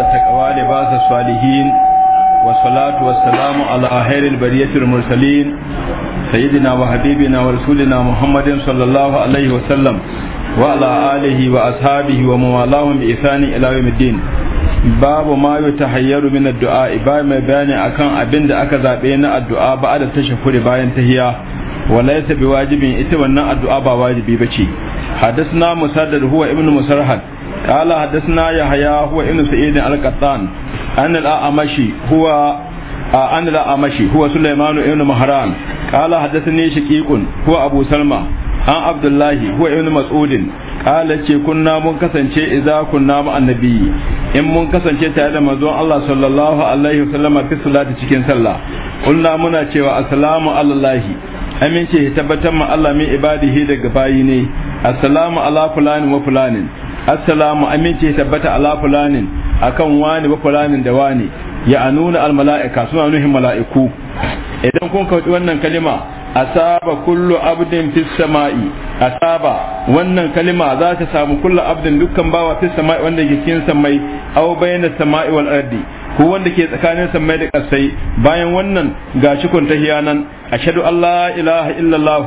التقوى لباس الصالحين والصلاة والسلام على خير البرية المرسلين سيدنا وحبيبنا ورسولنا محمد صلى الله عليه وسلم وعلى آله وأصحابه وموالاهم بإحسان إلى يوم الدين babu ma yi tahayyaru min addu'a ba mai bayani akan abin da aka zaɓe na addu'a ba da tashahhuri bayan tahiya walaysa bi wajibin ita wannan addu'a ba wajibi bace حدثنا مسدد هو ابن مسرحد قال حدثنا يحيى هو ابن سعيد القطان أن الأعمشي هو أن الأعمشي هو سليمان ابن مهران قال حدثني شقيق هو أبو سلمة عن عبد الله هو ابن مسعود قال ce kunna mun kasance idza kunna ma annabi in mun kasance tare da manzon Allah sallallahu alaihi wasallam fi salati cikin sallah kunna muna cewa assalamu alallahi amince tabbatar ma Allah min ibadihi daga bayi ne assalamu fulani assalamu aminci tabbata ala fulanin akan wani ba fulanin da wani ya anuna al mala'ika suna nuhin mala'iku idan kun kauci wannan kalima asaba kullu abdin fis sama'i asaba wannan kalima za ta samu kullu abdin dukkan bawa fis sama'i wanda ke cikin samai aw bayna sama'i wal ardi ko wanda ke tsakanin samai da kasai bayan wannan ga shi kun tahiyanan ashhadu an la ilaha illallah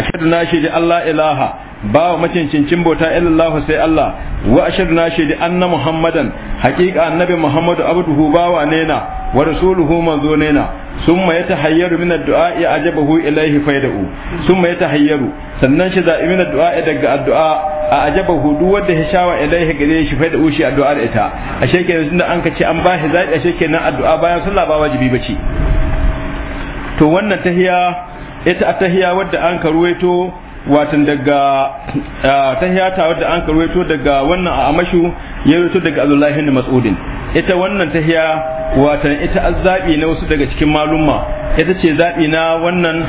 ashhadu na shi Allah ilaha ba wa macincin bauta illallahu sai Allah wa ashadu na shaidi anna muhammadan hakika annabi muhammadu abduhu bawa ne na wa rasuluhu manzo ne na summa hayyaru min ad-du'a ajabahu ilaihi faidau. summa hayyaru sannan shi da min ad daga addu'a a ajabahu duk wanda ya shawa ilaihi gare shi faidau shi addu'a da ita ashe kenan tunda an ce an zaɓi a ashe na addu'a bayan sallah ba wajibi ce to wannan tahiya ita tahiya wadda an ka ruwaito. watan daga ah, ta hiyata wadda an karwaito daga wannan a amashu ya rawaito daga abdullahi ibn mas'udin ita wannan ta hiya watan ita azzabi na wasu daga cikin malumma ita ce zabi na wannan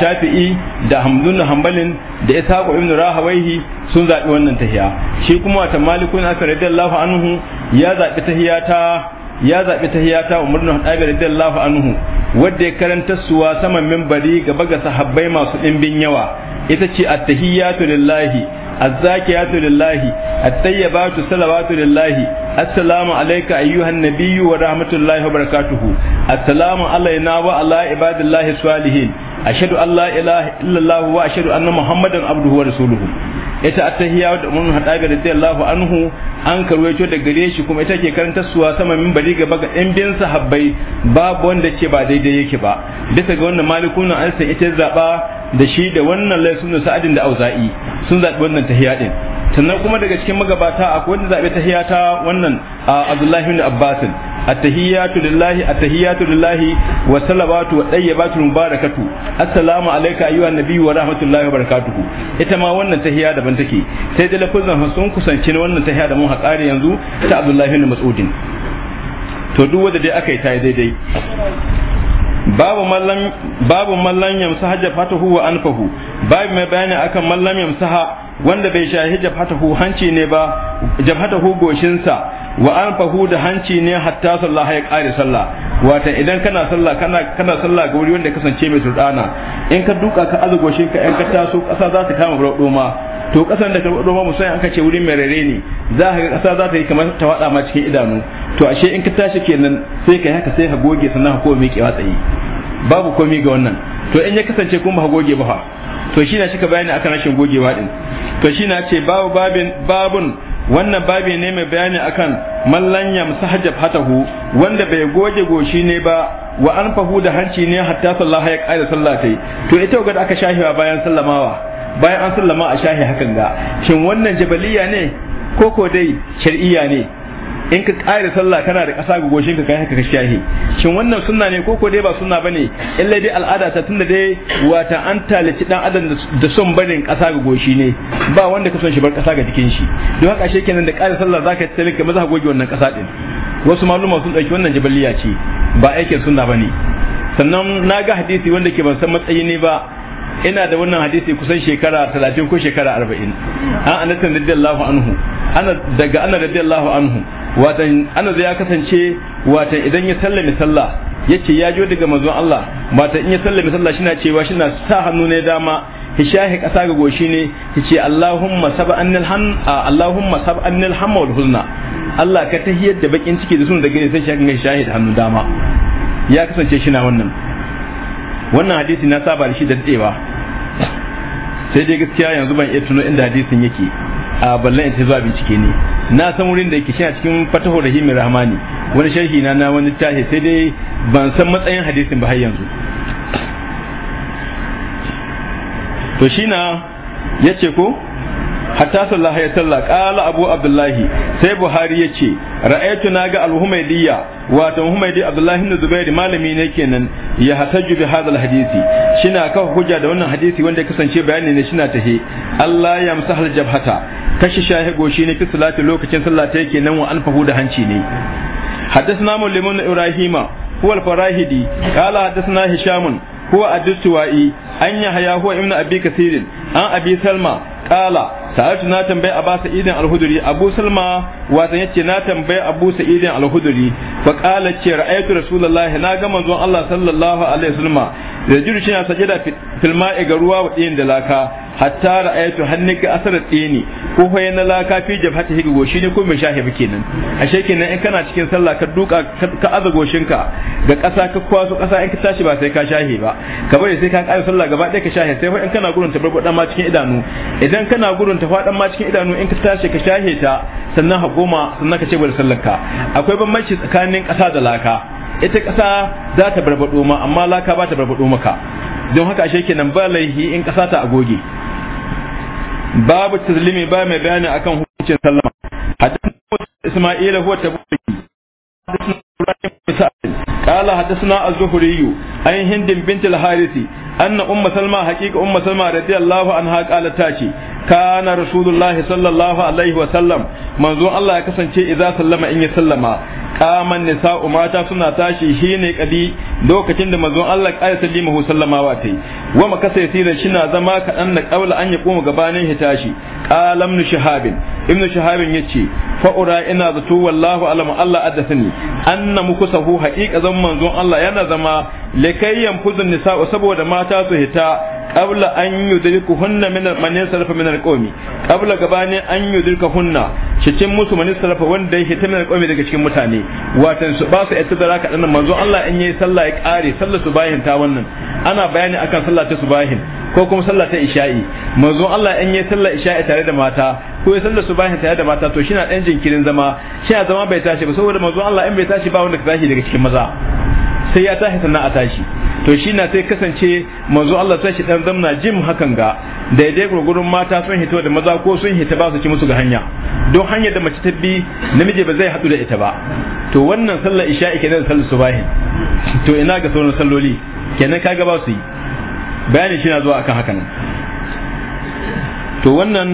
shafi'i da hamdun hanbalin da ishaqu ibn rahawaihi sun zabi wannan ta hiya shi kuma watan malikun aka radiyallahu anhu ya zabi ta ya zabi tahiyata umar ibn hadabi radiyallahu anhu wadda ya karanta suwa saman minbari gaba ga sahabbai masu dimbin yawa ita ce at-tahiyyatu lillahi az-zakiyatu lillahi at salawatu lillahi assalamu alayka ayyuhan nabiyyu wa rahmatullahi wa barakatuhu assalamu alayna wa ala ibadillahi salihin ashhadu an la ilaha illallah wa ashhadu anna muhammadan abduhu wa rasuluhu ita at da mun hada ga radiyallahu anhu an karwaito da gare shi kuma ita ke karanta suwa sama min bari gaba ga ɗan biyan sahabbai babu wanda ce ba daidai yake ba bisa ga wannan malikun an san ita zaba da shi da wannan laifin da sa'adin da auza'i sun zaɓi wannan tahiya din sannan kuma daga cikin magabata akwai wanda zaɓi tahiya ta wannan a abdullahi ibn abbas at-tahiyatu lillahi at-tahiyatu lillahi wa salawatu wa tayyibatu mubarakatu assalamu alayka ayyuha nabi wa rahmatullahi wa barakatuhu ita ma wannan tahiya daban take sai da lafazan sun kusanci wannan tahiya da mun haƙari yanzu ta abdullahi ibn mas'udin to duk wanda dai aka yi ta daidai babu mallam babu mallam yamsa hajjafatahu wa anfahu babu mai bayani akan mallam saha wanda bai shahi jabhatahu hanci ne ba jabhatahu goshinsa wa anfahu da hanci ne hatta sallah ya kare sallah wata idan kana sallah kana kana sallah ga wuri wanda kasance mai surdana in ka duka ka azu goshin ka in ka taso kasa za ta kama burɗo ma to kasan da karɓo ba musai an ce wurin merere ne za ka ga kasa za ta yi kamar ta wada ma cikin idanu to ashe in ka tashi kenan sai ka haka sai ka goge sannan ka koma miƙewa tsaye babu komai ga wannan to in ya kasance kuma ba goge ba to shi na shika bayani akan rashin gogewa din to shi na ce babu babin babun wannan babi ne mai bayani akan mallan yamsa hajab hatahu wanda bai goge goshi ne ba wa an fahu da hanci ne hatta sallaha ya ƙara sallatai to ita ga da aka shahiwa bayan sallamawa bayan an sallama a shahi hakan ga shin wannan jabaliya ne ko ko dai shar'iyya ne in ka ƙara sallah kana da ƙasa ga goshin ka kai haka ka shahi shin wannan sunna ne ko ko dai ba sunna bane illa dai al'ada ta tunda dai wata an talaci dan adam da son barin ƙasa ga goshi ne ba wanda ka son shi bar ƙasa ga jikin shi don haka shi kenan da ƙara sallah zaka tsare talaka maza goge wannan ƙasa din wasu maluma sun ɗauki wannan jabaliya ce ba aikin sunna bane sannan na ga hadisi wanda ke ban san matsayi ne ba ina da wannan hadisi kusan shekara 30 ko shekara 40 an anas radiyallahu anhu ana daga ana radiyallahu anhu watan anas ya kasance watan idan ya sallame sallah yace ya jo daga manzon Allah mata in ya sallame sallah shina cewa shina sa hannu ne dama hishahi kasa ga goshi ne yace Allahumma sab'anil ham Allahumma sab'anil ham wal huzna Allah ka tahiyar da bakin ciki da sun da gani sai shi kan hishahi da hannu dama ya kasance shina wannan wannan hadisi na saba da shi da dadewa sai dai gaskiya yanzu ban iya tuno inda hadisin yake a ballan ta zuwa bincike ne na san wurin da yake shi a cikin fatahu rahimi rahmani wani sharhi na na wani tahi sai dai ban san matsayin hadisin ba har yanzu to shi na yace ko hatta sallaha ya salla qala abu abdullahi sai buhari yace ra'aytu naga al-humaydiyya wato humaydi abdullahi ibn zubair malami ne kenan ya hataju bi hadha hadisi shina kafa hujja da wannan hadisi wanda ya kasance bayani ne shina tahe Allah ya musahal jabhata kashi shahi goshi ne fi salati lokacin sallah ta yake nan wa anfahu da hanci ne حدثنا مولمون Ibrahima هو farahidi قال حدثنا هشام هو الدستوائي أن يحيى هو ابن أبي كثير عن أبي سلمى kala sa'atu na tambayi abu sa'idin al-hudri abu salma watan yace na tambayi abu sa'idin alhuduri fa kala ce ra'aytu rasulullahi na ga manzon Allah sallallahu alaihi wasallama da jiru shi na sajada fil ma'i ga ruwa wa din da laka hatta ra'aytu hannika asara tsini ko fa yana laka fi jabhati higo shi ne ko mai shahibi kenan ashe kenan in kana cikin sallah ka duka ka aza goshinka ga ƙasa ka kwaso ƙasa in ka tashi ba sai ka shahe ba ka bari sai ka ƙara sallah gaba ɗaya ka shahe sai fa in kana gurin ta barbaɗa ma cikin idanu idan kana gurin ta faɗan ma cikin idanu in ka tashi ka shahe ta sannan ha goma sannan ka ce bari sallar ka akwai bambanci tsakanin ƙasa da laka ita ƙasa za ta barbaɗo ma amma laka ba ta barbaɗo maka don haka ashe kenan ba laihi in ƙasa ta agoge babu tazlimi ba mai bayani akan hukuncin sallama hadisi Isma'ila huwa تبوي قال حدثنا الزهري عن هند بنت الحارث anna umma salma haqiqa umma salma radiyallahu anha qalat ta ce kana rasulullahi sallallahu alaihi wa sallam manzo Allah ya kasance idza sallama in ya sallama qaman nisa'u mata suna tashi shine kadi lokacin da manzo Allah ya sallama sallamawa tai wa makasai da shina zama kaɗan na kaula an ya koma gabanin ya tashi qalam ibn shahabin ibn shahabin yace fa ura ina zato wallahu alam Allah addathani anna mukusahu haqiqa zan manzo Allah yana zama likayyan fuzun nisa'u saboda mata mata su hita qabla an yudriku hunna min man yasrafa min alqawmi qabla gabanin an yudrika hunna cikin musu man yasrafa wanda ya hita min alqawmi daga cikin mutane watan su ba su ittidara ka dan manzo Allah in yayi sallah ya kare sallar bayin ta wannan ana bayani akan sallah ta subahin ko kuma sallah ta isha'i manzo Allah in yayi sallah isha'i tare da mata ko ya sallar subahin tare da mata to shi na dan jinkirin zama shi na zama bai tashi ba saboda manzo Allah in bai tashi ba wanda ka tashi daga cikin maza sai ya tashi sannan a tashi to shi na sai kasance manzo Allah sai shi dan zamna jim hakan ga daidai gurgurun mata sun hito da maza ko sun hita ba su ci musu ga hanya don hanyar da mace ta bi namiji ba zai haɗu da ita ba to wannan sallar isha'i kenan da sallar subahi to ina ga sauran salloli kenan kaga ba su yi bayani shi na zuwa akan hakan to wannan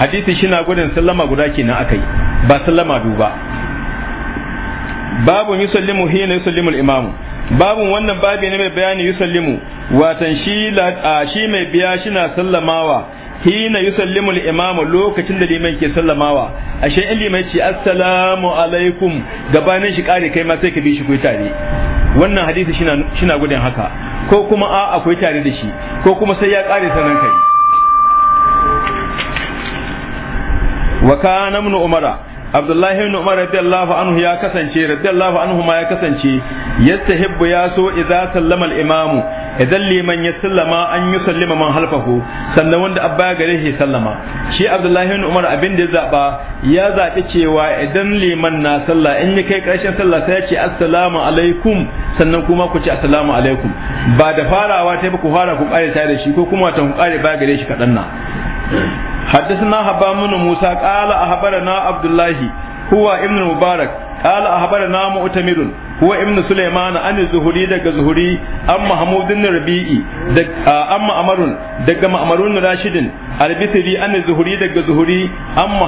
hadisi shi na gudun sallama guda na akai ba sallama duba. babu yusallimu hina yusallimu al-imamu babin wannan babi ne mai bayani yusallimu watan shi shi mai biya shi na sallamawa hina yusallimu al-imamu lokacin da liman ke sallamawa ashe in liman ce assalamu alaikum gabanin shi kare kai ma sai ka bi shi kai tare wannan hadisi shina shina gudun haka ko kuma a akwai tare da shi ko kuma sai ya kare sanan kai wa kana umara abdullahi ibn umar radiyallahu anhu ya kasance radiyallahu anhu ma ya kasance yastahibbu ya so idza sallama al-imam idan liman ya sallama an yi sallama man halfahu sannan wanda abba gare shi sallama shi abdullahi ibn umar abin da ya zaba ya zabi cewa idan liman na sallah in ya kai karshen sallah sai ya ce assalamu alaikum sannan kuma ku ce assalamu alaikum ba da farawa ta ba ku fara ku kare tare da shi ko kuma ta ku kare ba gare shi kadan na حدثنا هبام بن موسى قال أخبرنا عبد الله هو ابن المبارك قال أخبرنا مؤتمر هو ابن سليمان عن الزهري دق زهري أم محمود بن ربيعي دق أم أمر دق مأمر راشد البصري عن الزهري دق زهري أم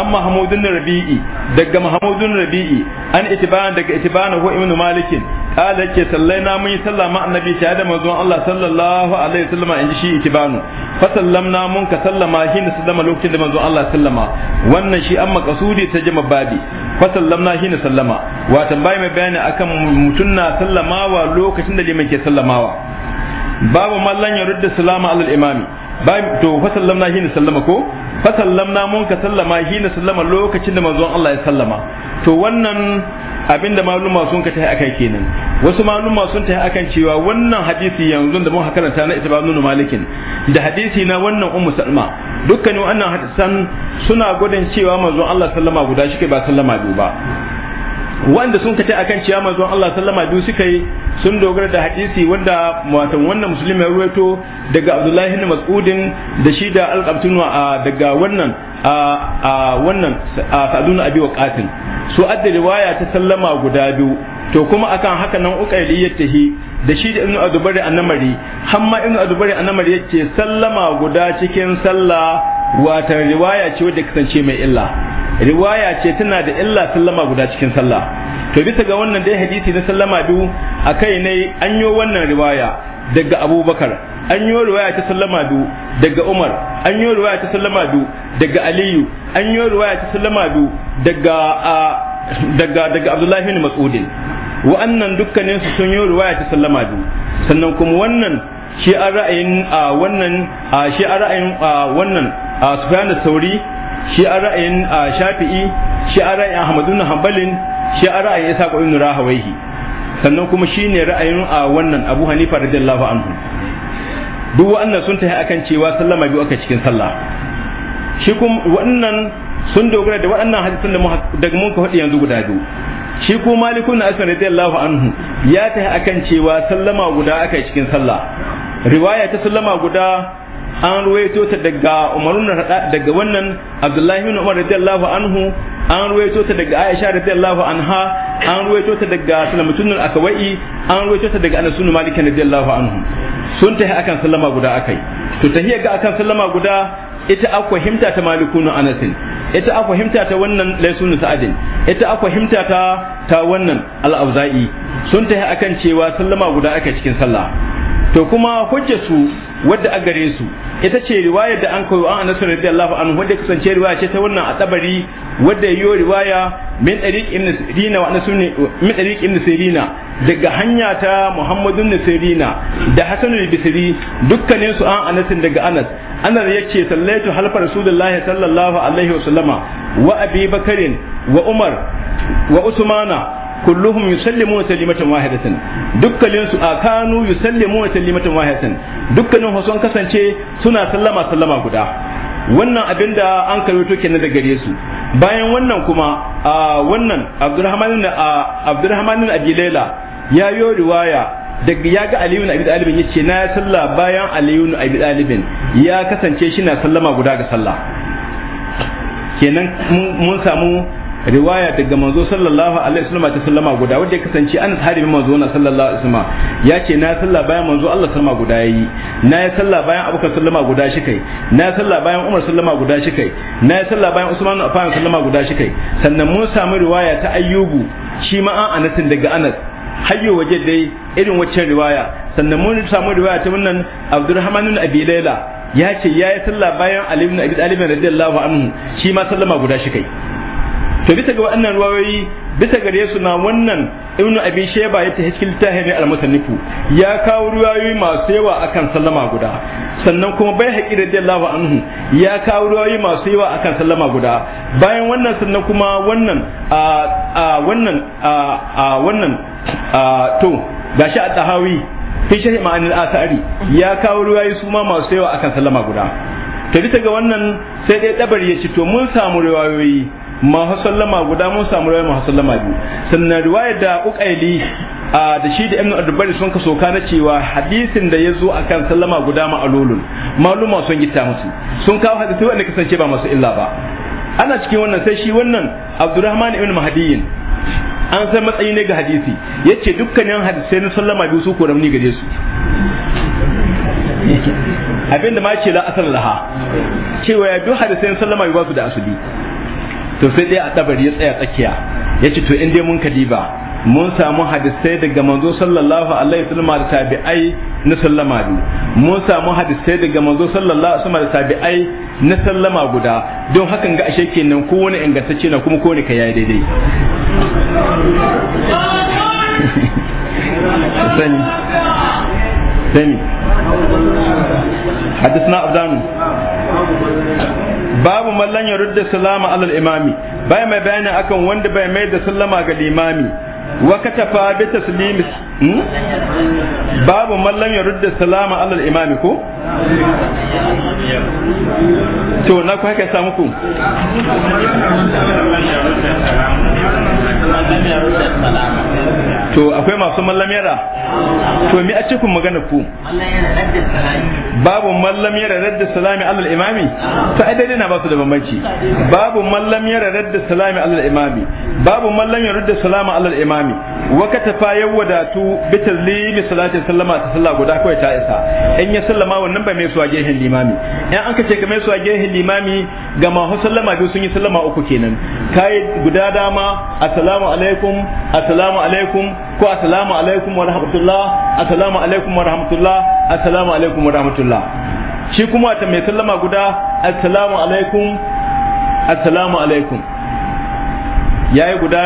أم محمود بن ربيعي دق محمود بن ربيعي عن اتبان دق اتبان هو ابن مالك ala ke sallai na mun yi sallah ma annabi shi da manzo Allah sallallahu alaihi wasallam inji shi itibanu fa sallamna mun ka sallama hin da sallama lokacin da manzo Allah sallama wannan shi amma kasudi ta jima babi fa sallamna hin da sallama wa tambayi mai bayani akan mutun na sallamawa lokacin da liman ke sallamawa babu mallan ya rudda salama alal imami to fa sallamna hin da ko fa sallamna mun ka sallama hin da sallama lokacin da manzo Allah ya sallama to wannan abinda maluma sun ka tafi akan kenan wasu maluma sun tafi akan cewa wannan hadisi yanzu da muka karanta na ita ibn malikin da hadisi na wannan ummu salma dukkanin wannan hadisan suna gudun cewa manzo Allah sallama guda shike ba sallama biyu ba wanda sun kace akan cewa manzo Allah sallama biyu suka yi sun dogara da hadisi wanda watan wannan musulmi ya ruwaito daga Abdullahi ibn Mas'udin da shi da Al-Qabtun daga wannan a wannan Sa'dun Abi Waqatin su adda riwaya ta sallama guda biyu to kuma akan haka nan ukaili ya tahi da shi da ibnu adubari annamari hamma ibnu adubari annamari yake sallama guda cikin sallah wata riwaya ce wadda kasance mai illa riwaya ce tana da illa sallama guda cikin sallah to bisa ga wannan dai hadisi na sallama biyu akai ne an yo wannan riwaya daga abubakar an yi ruwaya ta sallama du daga umar an yi ruwaya ta sallama du daga aliyu an yi ruwaya ta sallama du daga daga daga abdullahi bin mas'udin wa'annan dukkanin su sun yi ruwaya ta sallama du sannan kuma wannan shi a ra'ayin wannan shi a ra'ayin wannan sufyan sauri shi a ra'ayin shafi'i shi a ra'ayin ahmadu bin hanbalin shi a ra'ayin isa ibn rahawaihi sannan kuma shine ra'ayin a wannan Abu Hanifa radiyallahu anhu duk wannan sun tafi akan cewa sallama biyu aka cikin sallah shi kuma wannan sun dogara da waɗannan hadisin da daga mun ka faɗi yanzu guda biyu shi kuma malikun na asman radiyallahu anhu ya tafi akan cewa sallama guda aka cikin sallah riwaya ta sallama guda an ruwaito ta daga Umar daga wannan Abdullahi bin Umar radiyallahu anhu an ruwaito ta daga Aisha radiyallahu anha an ruwaito ta daga Salamatun al-Akawai an ruwaito ta daga Anas Malik radiyallahu anhu sun tahi akan sallama guda akai to tahiyya ga akan sallama guda ita a fahimta ta malikunu anasin ita a fahimta ta wannan laysun sa'adin ita a fahimta ta ta wannan al'auza'i sun tahi akan cewa sallama guda aka cikin sallah to kuma hujja su wadda a gare su ita ce riwayar da an koyo an anas radiyallahu anhu wadda kasance riwaya ce ta wannan atabari wadda yiwo riwaya min tariq ibn sirina wa anas min tariq ibn sirina daga hanya ta ibn sirina da ibn bisri dukkanin su an anas daga anas annabi yace sallaitu halfa rasulullahi sallallahu alaihi sallama wa abi bakarin wa umar wa usmana kulluhum yusallimuna taslimatan wahidatan dukkanin su akanu yusallimuna taslimatan wahidatan dukkanin su sun kasance suna sallama sallama guda wannan abinda an karwato kenan da gare su bayan wannan kuma a wannan abdurrahmanin da abdurrahmanin abilela laila ya yo riwaya daga ya ga aliyu abi dalibin yace na sallah bayan aliyu abi dalibin ya kasance shi na sallama guda ga sallah kenan mun samu riwaya daga manzo sallallahu alaihi wasallam ta sallama guda wanda ya kasance an harimin manzo na sallallahu alaihi wasallam ya ce na sallah bayan manzo Allah sallama guda yayi na ya sallah bayan Abubakar sallama guda shi kai na ya sallah bayan Umar sallama guda shi kai na ya sallah bayan Usman afan sallama guda shi kai sannan mun samu riwaya ta Ayyubu shi ma an anatin daga Anas hayyo waje dai irin waccan riwaya sannan mun samu riwaya ta wannan Abdurrahman ibn Abi Layla ya ce ya yi sallah bayan Ali ibn Abi Talib radiyallahu anhu shi ma sallama guda shi kai to bisa ga wannan ruwayoyi bisa gare su na wannan ibnu abi sheba ya tafi cikin al-musannifu ya kawo ruwayoyi masu yawa akan sallama guda sannan kuma bai haƙi radiyallahu anhu ya kawo ruwayoyi masu yawa akan sallama guda bayan wannan sannan kuma wannan a wannan a wannan to gashi a tahawi fi shahi ma'anil asari ya kawo ruwayoyi su ma masu yawa akan sallama guda to bisa ga wannan sai dai dabar ya ci to mun samu riwayoyi masu sallama guda mun samu rawar masu sallama biyu sannan riwaya da ukaili a da shi da ibnu adubari sun kaso na cewa hadisin da ya zo a kan sallama guda ma'alulun maluma sun gita musu sun kawo hadisi wanda kasance ba masu illa ba ana cikin wannan sai shi wannan abdurrahman ibn mahdiyin an san matsayi ne ga hadisi yace dukkanin hadisai na sallama biyu su ko ni gare su abinda ma ce la asal laha cewa ya duk hadisai sallama ba su da asali to sai dai a tabari ya tsaya tsakiya ya ce to in dai mun kadiba mun samu hadisai daga manzo sallallahu alaihi wasallam da tabi'ai na sallama biyu mun samu hadisai daga manzo sallallahu alaihi wasallam da tabi'ai na sallama guda don hakan ga ashe kenan ko wani ingantacce na kuma ko ne ka yayi daidai sani sani hadisna abdan babu mallan ya rudda salama alal imami bai mai bayani akan wanda bai mai da sallama ga limami wa katafa bi taslimi Hmm? babu mallam ya rudda salama alal imami ko to na ku haka samu ku to akwai masu mallam yara to mi a cikin magana ku babu mallam yara radda salami alal imami to ai dai na ba su da bambanci babu mallam yara radda salami alal imami babu mallam ya rudda salama alal imami wa katafa tafa yawadatu uku bi taslimi sallama ta sallah guda kawai ta isa in ya sallama wannan bai mai suwa gehen limami in an kace ka mai suwa gehen limami ga ma sallama biyu sun yi sallama uku kenan kai guda dama assalamu alaikum assalamu alaikum ko assalamu alaikum wa rahmatullah assalamu alaikum wa rahmatullah assalamu alaikum wa rahmatullah shi kuma ta mai sallama guda assalamu alaikum assalamu alaikum yayi guda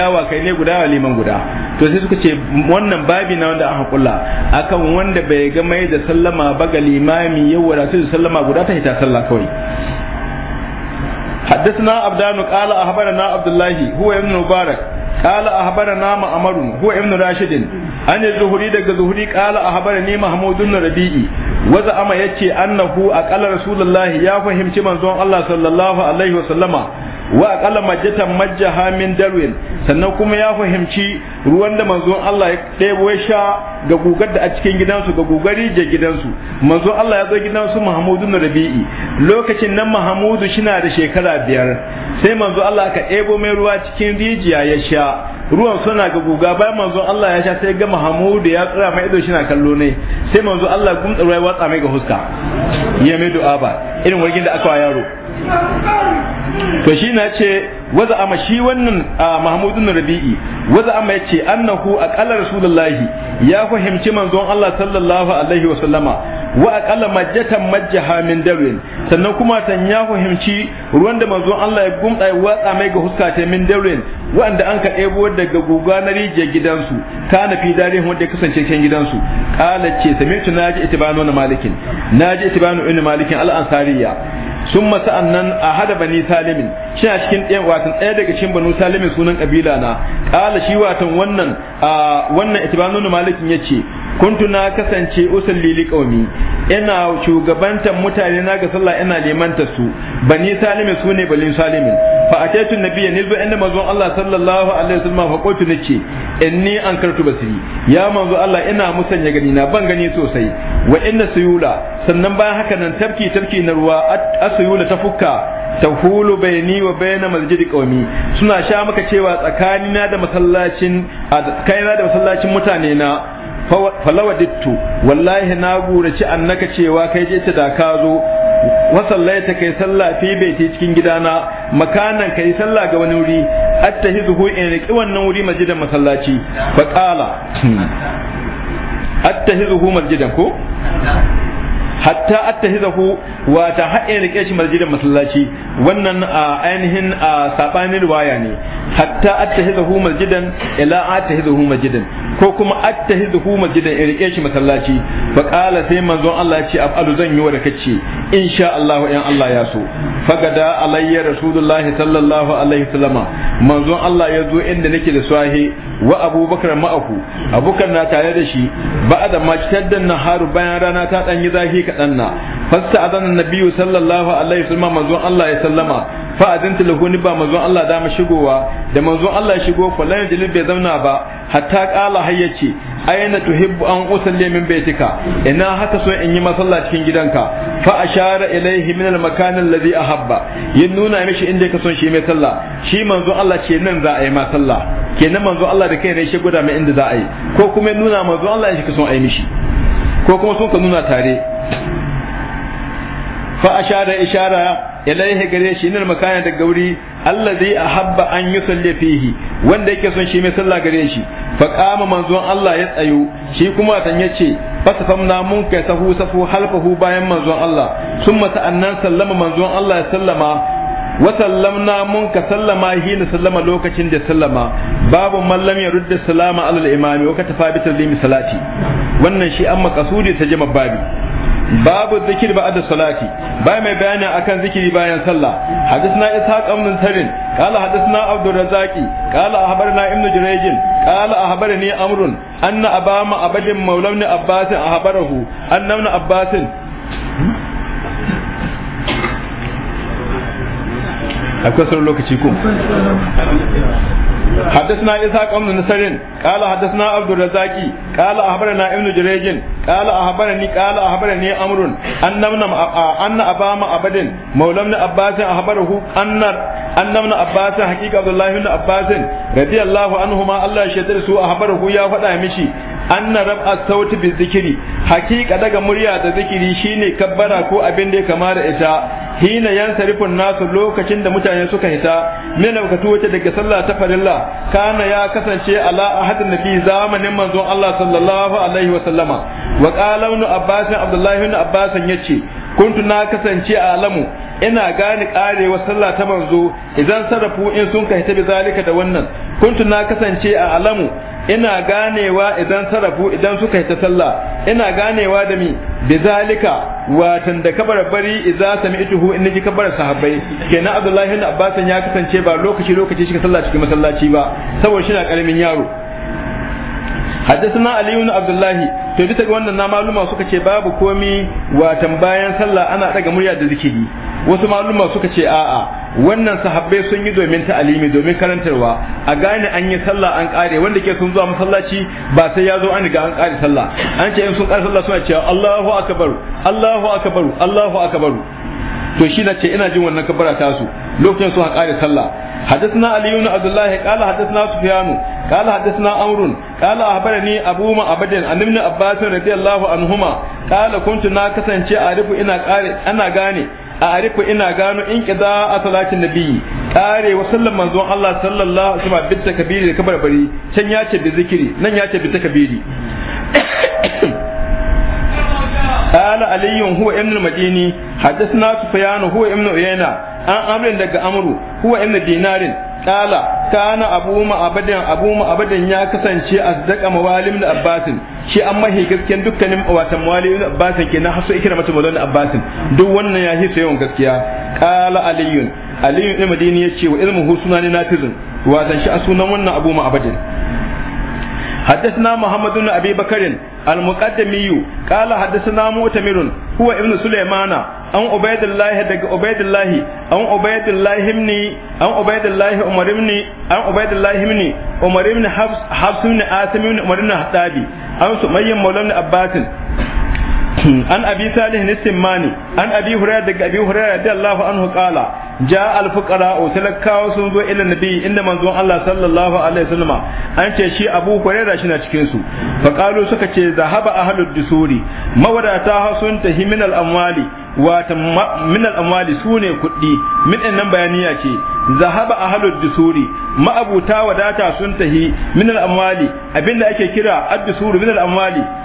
yawa kai ne guda wa liman guda to sai suka ce wannan babi na wanda aka kula akan wanda bai ga mai da sallama ba ga limami yau wadatu da sallama guda ta hita sallah kawai حدثنا عبدان قال أخبرنا عبد الله هو ابن مبارك قال أخبرنا معمر هو ابن راشد عن الزهري دغ زهري قال أخبرني محمود بن ربيعي وزعم يتي أنه أقل رسول الله يا فهمتي منزون الله صلى الله عليه وسلم wa aqalla majjatan majjaha min darwin sannan kuma ya fahimci ruwan da manzon Allah ya ɗebo ya sha ga gugar da a cikin gidansu ga gugari je gidansu manzon Allah ya zo gidansu Mahmudu na Rabi'i lokacin nan shi shina da shekara biyar sai manzon Allah ka ɗebo mai ruwa cikin rijiya ya sha ruwan suna ga guga bayan manzon Allah ya sha sai ga Mahmudu ya tsira mai ido shina kallo ne sai manzon Allah gumtsa ruwa ya watsa mai ga huska ya mai du'a ba irin wargin da aka wa yaro to shi na ce waza ama shi wannan mahmudun rabi'i waza ama ya ce annahu aqalla rasulullahi ya fahimci manzon Allah sallallahu alaihi wa sallama wa majjatan majjaha min darwin sannan kuma tan ya fahimci ruwan da manzon Allah ya gumtsa ya watsa mai ga huska ta min darwin wanda an ka ɗebo daga guga na rijiyar gidansu na fi dare wanda kasance can gidansu kala ce na ji itibanu na malikin ji itibanu ibn malikin al'ansariya. sun masa annan a hada bani salimin shi a cikin ɗaya watan ɗaya daga cikin banu salimin sunan kabila na ƙala shi watan wannan wannan nuna malikin ya ce kuntu na kasance usulli qaumi ina shugabantan mutane na ga sallah ina limanta su bani salimi su ne bani salimi fa ataitu nabiyya nizo inda manzon Allah sallallahu alaihi wasallam fa qultu nace inni ankartu basiri ya manzo Allah ina musanya gani na ban gani sosai wa inna suyula sannan bayan haka nan tafki tafki na ruwa asuyula ta fukka tahulu baini wa baina masjidi qaumi suna sha maka cewa tsakanina da masallacin kaina da masallacin mutane na falawadittu wallahi na ci annaka cewa kai je ta da ka zo sallaita kai sallah fi baiti cikin gidana makanan kai sallah ga wani wuri attahizuhu in riki wannan wuri masjidan masallaci fa qala attahizuhu masjidan ko hatta attahizahu wa ta haɗe rike shi masjidin masallaci wannan ainihin sabanin riwaya ne hatta attahizahu masjidan ila attahizahu masjidan ko kuma attahizahu masjidan in rike shi masallaci fa qala sai manzon Allah ya ce afalu zan yi wa da kace insha Allah in Allah ya so fagada alayya rasulullahi sallallahu alaihi wasallama manzon Allah ya zo inda nake da sahi wa abubakar ma'aku abubakar na tare da shi ba'da ma taddan naharu bayan rana ta dan yi zafi kaɗan na fasta azan nabiyyu sallallahu alaihi wasallam manzon Allah ya sallama fa azanta lahu ni ba manzon Allah dama shigowa da manzon Allah ya shigo fa la yajlib bai zauna ba hatta qala hayyace aina tuhibbu an usalli min baitika ina haka so in yi masallaci cikin gidanka fa ashara ilaihi min al makan alladhi ahabba yin nuna mishi inda ka son shi mai sallah shi manzon Allah ce nan za a yi ma sallah kenan manzon Allah da kai ne shi guda mai inda za a yi ko kuma nuna manzon Allah ya shi ka son a yi mishi ko kuma sun ka nuna tare fa ashara ishara ilaihi gare shi nan makana daga wuri allazi ahabba an yusalli fihi wanda yake son shi mai sallah gare shi fa qama manzon Allah ya tsayo shi kuma tan yace fasafamna mun kai sahu safu halfahu bayan manzon Allah summa sa'annan sallama manzon Allah ya sallama wa sallamna mun ka sallama hina sallama lokacin da sallama babu mallam ya rudda salama alal imami wa ka tafabi limi salati wannan shi amma kasudi ta jama babu. babu zikir ba'da salati ba mai bayani akan zikiri bayan sallah hadisna ishaq ibn sarin qala hadisna abdur razaqi qala ahbarna ibn jurayj ahbarani amrun anna abama abbas ahbarahu anna ibn abbas akwai lokaci ko حدثنا إسحاق بن نصر قال حدثنا عبد الرزاق قال أخبرنا ابن جريج قال أخبرني قال أخبرني أمر أن ابن أن أبا معبد مولى ابن عباس أخبره أن أن ابن عباس حقيقة عبد الله بن عباس رضي الله عنهما الله يشهد سوء أخبره يا فدا مشي anna rab'a sauti bi zikiri hakika daga murya da zikiri shine kabbara ko abin da ya kama da ita hina yan sarifin nasu lokacin da mutane suka hita mina wakatu wace daga sallah ta farilla kana ya kasance ala ahadin nabi zamanin manzon Allah sallallahu alaihi wa sallama wa qala ibn abbas abdullahi ibn abbas yace kuntu na kasance alamu ina gane karewa sallah ta manzo idan sarrafu in sun ka hita bi zalika da wannan kuntu na kasance a alamu ina ganewa idan sarafu idan suka yi ta sallah ina ganewa da mi bi zalika watan da kabar bari idza sami'tuhu in ji kabar sahabbai kenan abdullahi ibn abbas ya kasance ba lokaci lokaci shiga sallah cikin masallaci ba saboda shina na karamin yaro حدثنا علي بن عبد الله to bisa ga wannan na maluma suka ce babu komi watan bayan sallah ana daga murya da zikiri wasu maluma suka ce a'a wannan sahabbai sun yi domin ta'alimi domin karantarwa a gane an yi sallah an kare wanda ke sun zuwa masallaci ba sai ya zo an riga an kare sallah an ce in sun kare sallah suna cewa Allahu akbar Allahu akbar Allahu akbar to shi na ce ina jin wannan kabara ta su lokacin su haƙa da sallah حدثنا علي بن عبد الله قال حدثنا سفيان قال حدثنا عمرو قال اخبرني ابو معبد عن ابن عباس رضي الله عنهما قال كنت kasance كسانci arifu ina kare ana gane a ariku ina gano in kida a salatin nabi kare wa sallan manzon Allah sallallahu alaihi wasallam bitta kabiri da kabarbari can ya ce bi zikiri nan ya ce bitta kabiri قال علي هو ابن المديني حدثنا سفيان هو ابن عيينة عن أمر دق أمر هو ابن دينار kala kana abu ma abadan abu ma abadan ya kasance asdaqa mawalim da abbasin shi an mahi gaskiyan dukkanin watan mawalim da abbasin kenan hasu ikira mata mawalim da abbasin duk wannan ya hisu yawan gaskiya kala aliyun aliyun ibn madini yace wa ilmu ilmuhu sunani nafizun watan shi asunan wannan abu ma abadan حدثنا محمد بن ابي بكر المقدمي قال حدثنا مؤتمر هو ابن سليمان an ubaidullahi daga ubaidullahi an ubaidullahi ibn an ubaidullahi umar ibn an ubaidullahi ibn umar ibn habs habs ibn asim ibn umar ibn hadabi an sumayyin maulan abbas an abi salih nisimani an abi hurairah daga abi hurairah radiyallahu anhu qala ja al fuqara talakawa sun zo ila nabi inda manzon Allah sallallahu alaihi wasallam an ce shi Abu Hurairah shi na cikin su fa qalu suka ce zahaba ahlud dusuri mawadata sun tahi min al amwali wata min al amwali sune kuɗi min nan bayaniya ce zahaba ahlud dusuri ma'abuta wadata sun tahi minar al-amwali abinda ake kira ad-dusuru min al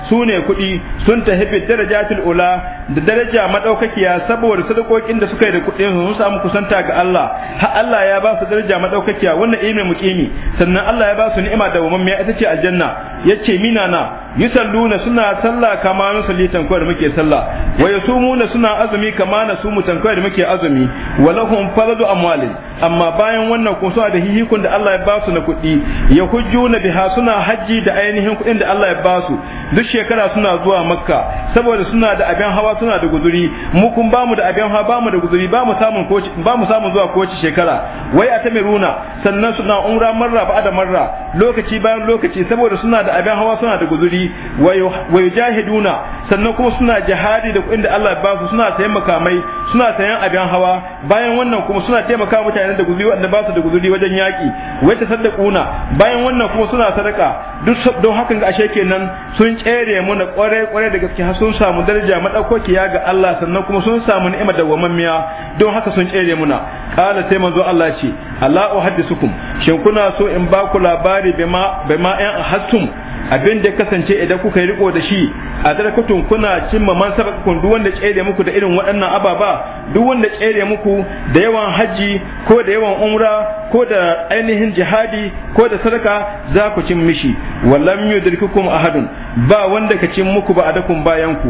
sune kuɗi sun tahi bi darajatil ula da daraja madaukakiya saboda sadakokin da suka yi da kuɗin sun samu kusanta ga Allah ha Allah ya basu daraja madaukakiya wannan ilmi muqimi sannan Allah ya basu su ni'ima da wamammiya ita ce aljanna yace mina na yusalluna suna sallah kama nusalli tankwar muke sallah wa yasumuna suna azumi kama nasumu tankwar muke azumi walahum faradu amwalin amma bayan wannan kuma suna da hihikun da Allah ya ba su na kuɗi ya hujju na biha suna hajji da ainihin kuɗin da Allah ya ba su duk shekara suna zuwa makka saboda suna da abin hawa suna da guzuri mu kun ba mu da abin hawa ba mu da guzuri ba mu samun koci ba mu samun zuwa koci shekara wai a ta runa sannan suna umra marra ba da marra lokaci bayan lokaci saboda suna da abin hawa suna da guzuri wa yujahiduna sannan kuma suna jihadi da kuɗin da Allah ya ba su suna sayan makamai suna sayan abin hawa bayan wannan kuma suna taimaka mutane da guzuri wanda ba su da guzuri wajen yaƙi wai ta bayan wannan kuma suna sadaka duk don hakan ga ashe kenan sun tsere muna kware kware da gaske har sun samu daraja ya ga Allah sannan kuma sun samu ni'imar dawwamammiya don haka sun tsere muna qala sai manzo Allah ce Allah uhaddisukum shin kuna so in ba ku labari bima bima ayan hasum abin da kasance idan kuka yi riko da shi a darakatun kuna cimma man sabakun duk wanda tsere muku da irin waɗannan ababa duk wanda tsere muku da yawan haji ko da yawan umra ko da ainihin jihadi ko da sadaka za ku cin mishi wallam yudrikukum ahadun ba wanda ka cin muku ba a adakun bayan ku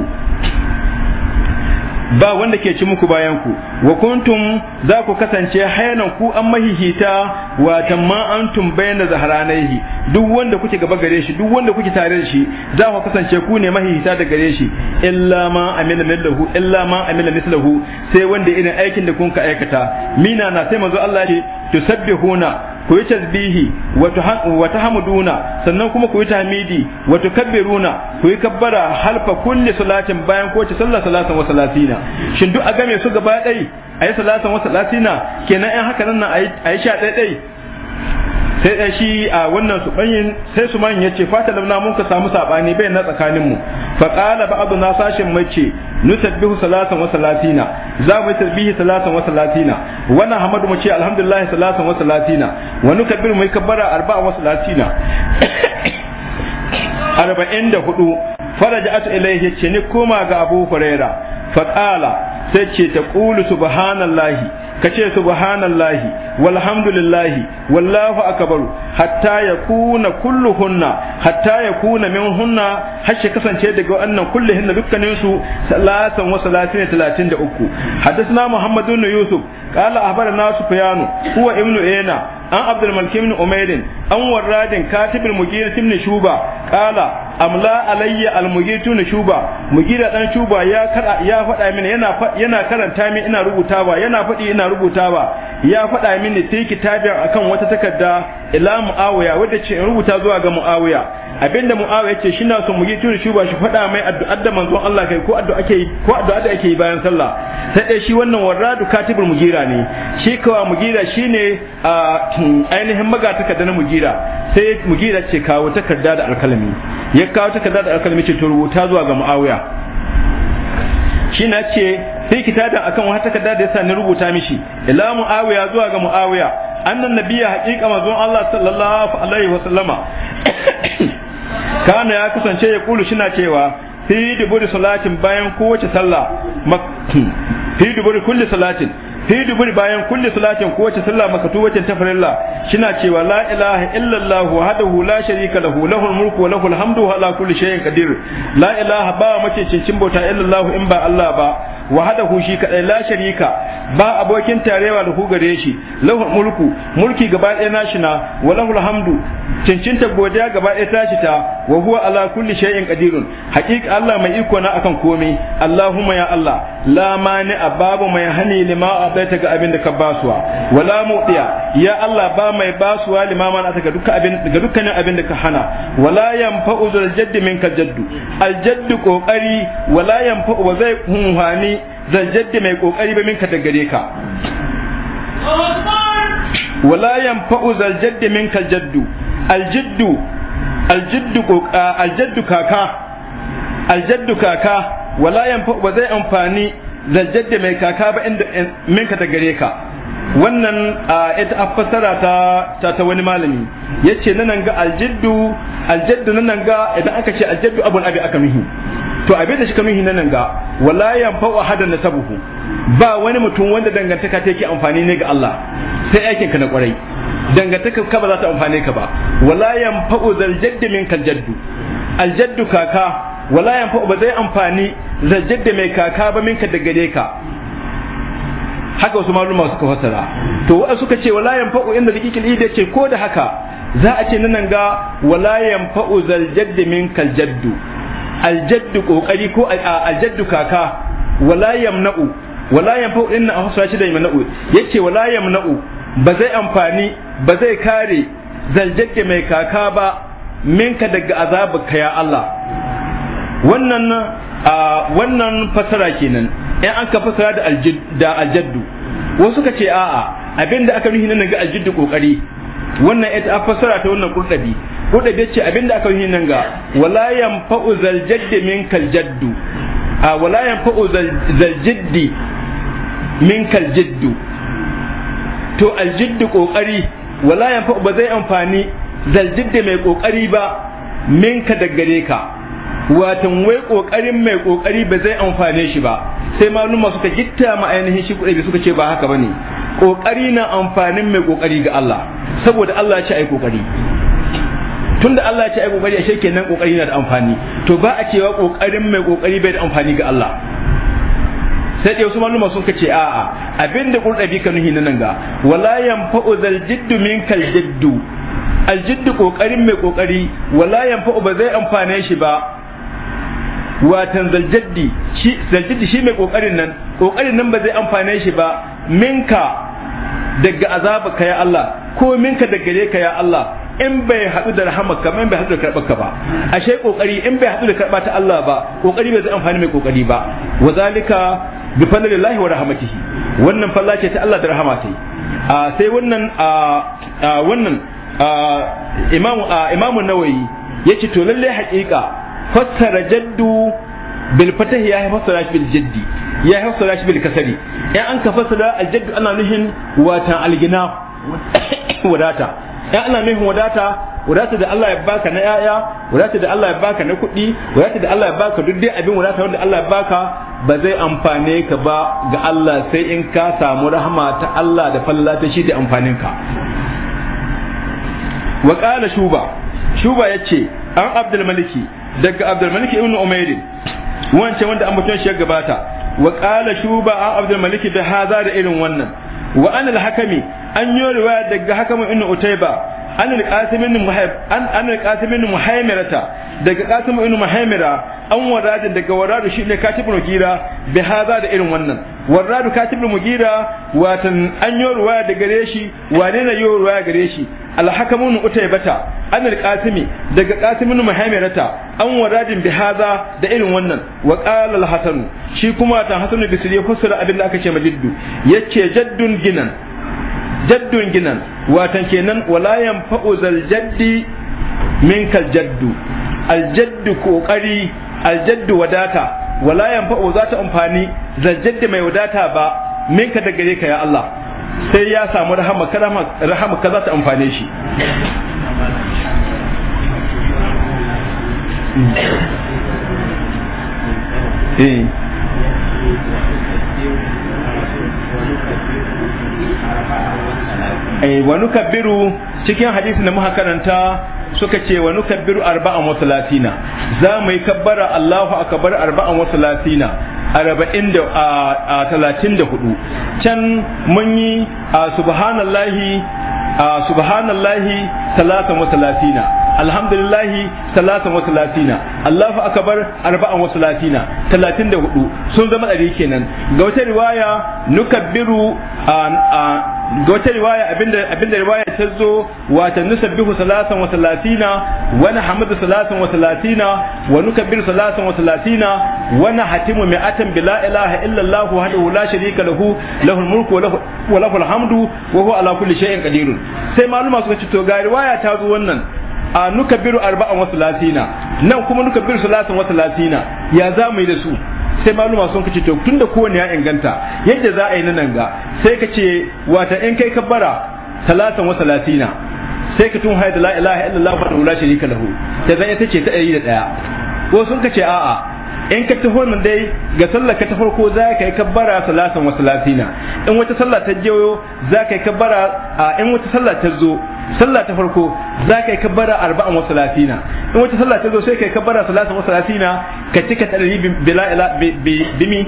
ba wanda ke ci muku bayan ku wa kuntum za ku kasance hayanan ku an mahihita wa tamma antum bayna zahranaihi duk wanda kuke gaba gare shi duk wanda kuke tare da shi za ku kasance ku ne mahihita da gare shi illa ma amila mithluhu illa ma amila mithluhu sai wanda irin aikin da kun ka aikata mina na sai manzo Allah ce tusabbihuna ku yi tasbihi wa tahmuduna sannan kuma ku yi tahmidi wa tukabbiruna ku yi kabbara halfa kulli salatin bayan kowace sallah salatan wa salatina shin duk a game su gaba dai ayi salatan wa salatina kenan in haka nan ayi yi sha ɗaiɗai. sai shi a wannan su banyin sai su man ce fata lamna mun ka samu saɓani bai na tsakanin mu fa ba abu na ce nu tabbihu salatan wa salatina za mu tabbihi salatan wa salatina wani hamadu mu ce alhamdulillah salatan wa salatina wa nukabbiru mu kabbara a wa salatina arba'in da hudu faraja'at ya ce ni koma ga Abu Huraira fa ƙala sai ce ta ƙulu subhanallahi kace subhanallahi walhamdulillahi wallahu akbar hatta yakuna hunna hatta yakuna minhunna har shi kasance daga wannan kulluhunna dukkanin su salatan wa salatin 33 hadathna muhammad ibn yusuf qala nasu sufyan huwa imnu ena an abdul malik ibn umayr an warradin katib al mughira ibn shuba qala amla alayya almugitu na shuba mugira dan shuba ya kada ya faɗa mini yana yana karanta mini ina rubuta ba yana faɗi ina rubuta ba ya faɗa mini ta kitabin akan wata takarda ila muawiya wanda ce in rubuta zuwa ga muawiya abinda muawiya ce shi na so mugitu na shuba shi faɗa mai addu'ar da manzon Allah kai ko addu'a ake ko addu'a da ake bayan sallah sai dai shi wannan warradu katibul mugira ne shi kawa mugira shine ainihin magatakarda na mugira sai mugira ce kawo takarda da alkalami ya kawo kaza da aka mace ta rubuta zuwa ga muawiya shi na ce sai ki tada akan wata takarda da yasa na rubuta mishi ila muawiya zuwa ga muawiya annan nabiyya haqiqa manzon Allah sallallahu alaihi wa sallama kana ya kasance ya kulu shi na cewa fi duburi salatin bayan kowace sallah fi duburi kulli salatin sai dubur bayan kulli salatin kowace sallah makatubatin wace tafarilla shina cewa la ilaha illallah wahdahu la sharika lahu lahul mulku wa lahul hamdu ala kulli shay'in qadir la ilaha ba mace cincin bauta illallah in ba Allah ba wahdahu shi kadai la sharika ba abokin tarewa da ku gare shi lahul mulku mulki gaba ɗaya nashi na wa lahul hamdu cincinta godiya gaba ɗaya tashi ta wa huwa ala kulli shay'in qadirun haqiqa Allah mai iko na akan komai Allahumma ya Allah la mani babu mai hani lima abaita ga abin da ka basuwa wala mudiya ya Allah ba mai basuwa lima man ataka dukkan abin ga dukkanin abin da ka hana wala yanfa'u zul jadd minka jaddu al jadd kokari wala yanfa'u wa zai hunhani zal jadd mai kokari ba minka da gare ka walayan yanfa'u zal jaddi minkal jaddu aljiddu aljiddu aljaddu kaka aljaddu kaka wala ba zai amfani zal jaddi mai kaka ba inda minka ta gare ka wannan ita fassara ta ta wani malami yace nan ga aljaddu aljaddu nan ga idan aka ce aljaddu abun abi aka mihi to abin da shi kamin nan ga wallahi wala fa'u hadan nasabuhu ba wani mutum wanda dangantaka ta yake amfani ne ga Allah sai aikin ka na kwarai dangantaka ka ba za ta amfane ka ba wala yanfa'u zal jaddi min kal jaddu al jaddu kaka wala yanfa'u ba zai amfani zal jaddi mai kaka ba min ka daga gare ka haka wasu maluma suka fassara to wa suka ce wala yanfa'u inda daqiqil idi yace ko da haka za a ce nan ga wala yanfa'u zal jadd min kal jadd al jadd kokari ko al jadd kaka wala yamna'u wala yanfa'u inna a fassara shi da yamna'u yace wala yamna'u ba zai amfani ba zai kare zal jadd mai kaka ba minka daga azabuka ya Allah wannan wannan fasara kenan in an ka fasara da aljaddu wasu ka ce a'a abinda aka nuhi nan ga aljaddu kokari wannan ita fasara ta wannan kurdabi kurdabi ce abinda aka nuhi nan ga wala yanfa'u zaljadd min kaljaddu a wala yanfa'u zaljiddi min kaljaddu to aljiddu kokari wala yanfa'u ba zai amfani zaljiddi mai kokari ba minka daggare ka watan wai kokarin mai kokari ba zai amfane shi ba sai maluma suka gitta ma ainihin shi kuɗabi suka ce ba haka bane kokari na amfanin mai kokari ga Allah saboda Allah ya ce ai kokari tunda Allah ya ce ai kokari ashe kenan kokari na da amfani to ba a cewa kokarin mai kokari bai da amfani ga Allah sai dai wasu maluma sun kace a'a abinda kurdabi ka nuhi nan ga wala yanfa'u zal jiddu minkal jiddu aljiddu kokarin mai kokari wala yanfa'u ba zai amfane shi ba watan zaljaddi shi zaljaddi shi mai kokarin nan kokarin nan ba zai amfane shi ba minka daga azaba ka ya Allah ko minka daga gare ka ya Allah in bai haɗu da rahamar ka in bai haɗu da karɓar ka ba ashe kokari in bai haɗu da karɓa ta Allah ba kokari bai zai amfani mai kokari ba wa zalika bi fadlillahi wa rahmatihi wannan falla ce ta Allah da rahama ta sai wannan a wannan imamu imamu nawayi yace to lalle haƙiƙa fassara jaddu bil fatah ya fassara shi bil jaddi ya fassara shi bil kasari in an ka fassara al jaddu ana nuhin watan algina wadata in ana nuhin wadata wadata da Allah ya baka na yaya wadata da Allah ya baka na kudi, wadata da Allah ya baka duk dai abin wadata wanda Allah ya baka ba zai amfane ka ba ga Allah sai in ka samu rahama ta Allah da fallata shi da amfanin ka wa qala shuba shuba yace an abdul maliki daga abdulmalik ibn umair wancan wanda an mutum shi gabata wa qala shuba an abdulmalik bi hadha da irin wannan wa an al-hakami an yi riwaya daga hakamin ibn utayba an al-qasim ibn muhayb an an al-qasim ibn muhaimirata daga qasim ibn muhaymira an warad daga warad shi ne ibn mugira bi hadha da irin wannan warad ibn mugira watan an yi riwaya daga gare shi wane ne yi riwaya gare shi al-hakamun utaybata anil qasimi daga qasimin muhammadata an waradin bi hadha da irin wannan wa qala al shi kuma ta hasanu bisri ya fassara abin da aka ce majiddu yace jaddun ginan jaddun ginan watan kenan wala yanfa'u zal jaddi kal jaddu al jaddu kokari al jaddu wadata wala yanfa'u za ta amfani zal jaddi mai wadata ba minka daga gare ka ya Allah sai ya samu rahama rahama ka za ta amfane shi Hmm. eh wa nukabbiru cikin hadisin da muka karanta suka ce wa nukabbiru arba'an wa salatina za mu yi kabbara Allahu akbar arba'an wa salatina arba'in da a talatin da hudu can mun yi a subhanallahi subhanallahi talatan wa talatina alhamdulillahi talatan wa talatina allahu akabar arba'an wa talatina talatin da hudu sun zama ɗari kenan ga wata riwaya nukabbiru ga wata riwaya abinda abinda riwaya ta zo wata nusabbihu salasan wa talatina wa nahmadu salasan wa talatina wa nukabbiru salasan wa talatina wa nahtimu mi'atan bila ilaha illa allah wahdahu la sharika lahu lahul mulku wa lahul hamdu wa huwa ala kulli shay'in qadirun sai maluma suka ci to ga riwaya ta zo wannan a nukabiru arba'an wa talatina nan kuma nukabiru salasan wa talatina ya za mu yi da su sai maluma sun kace to tunda kowanne ya inganta yadda za a yi nan ga sai ka ce wata in kai bara talatan wa talatina sai ka tun haida la ilaha illallah wa la sharika lahu ta zan ita ce ta 101 ko sun kace a'a in ka taho nan dai ga sallar ka ta farko za ka yi kabbara salatan wasu salatina in wata sallah ta jiyo za ka yi kabbara a in wata sallah ta zo sallah ta farko za ka yi kabbara arba'an wasu salatina in wata sallah ta zo sai ka yi kabbara salatan wasu salatina ka cika tarihi bila ila bimi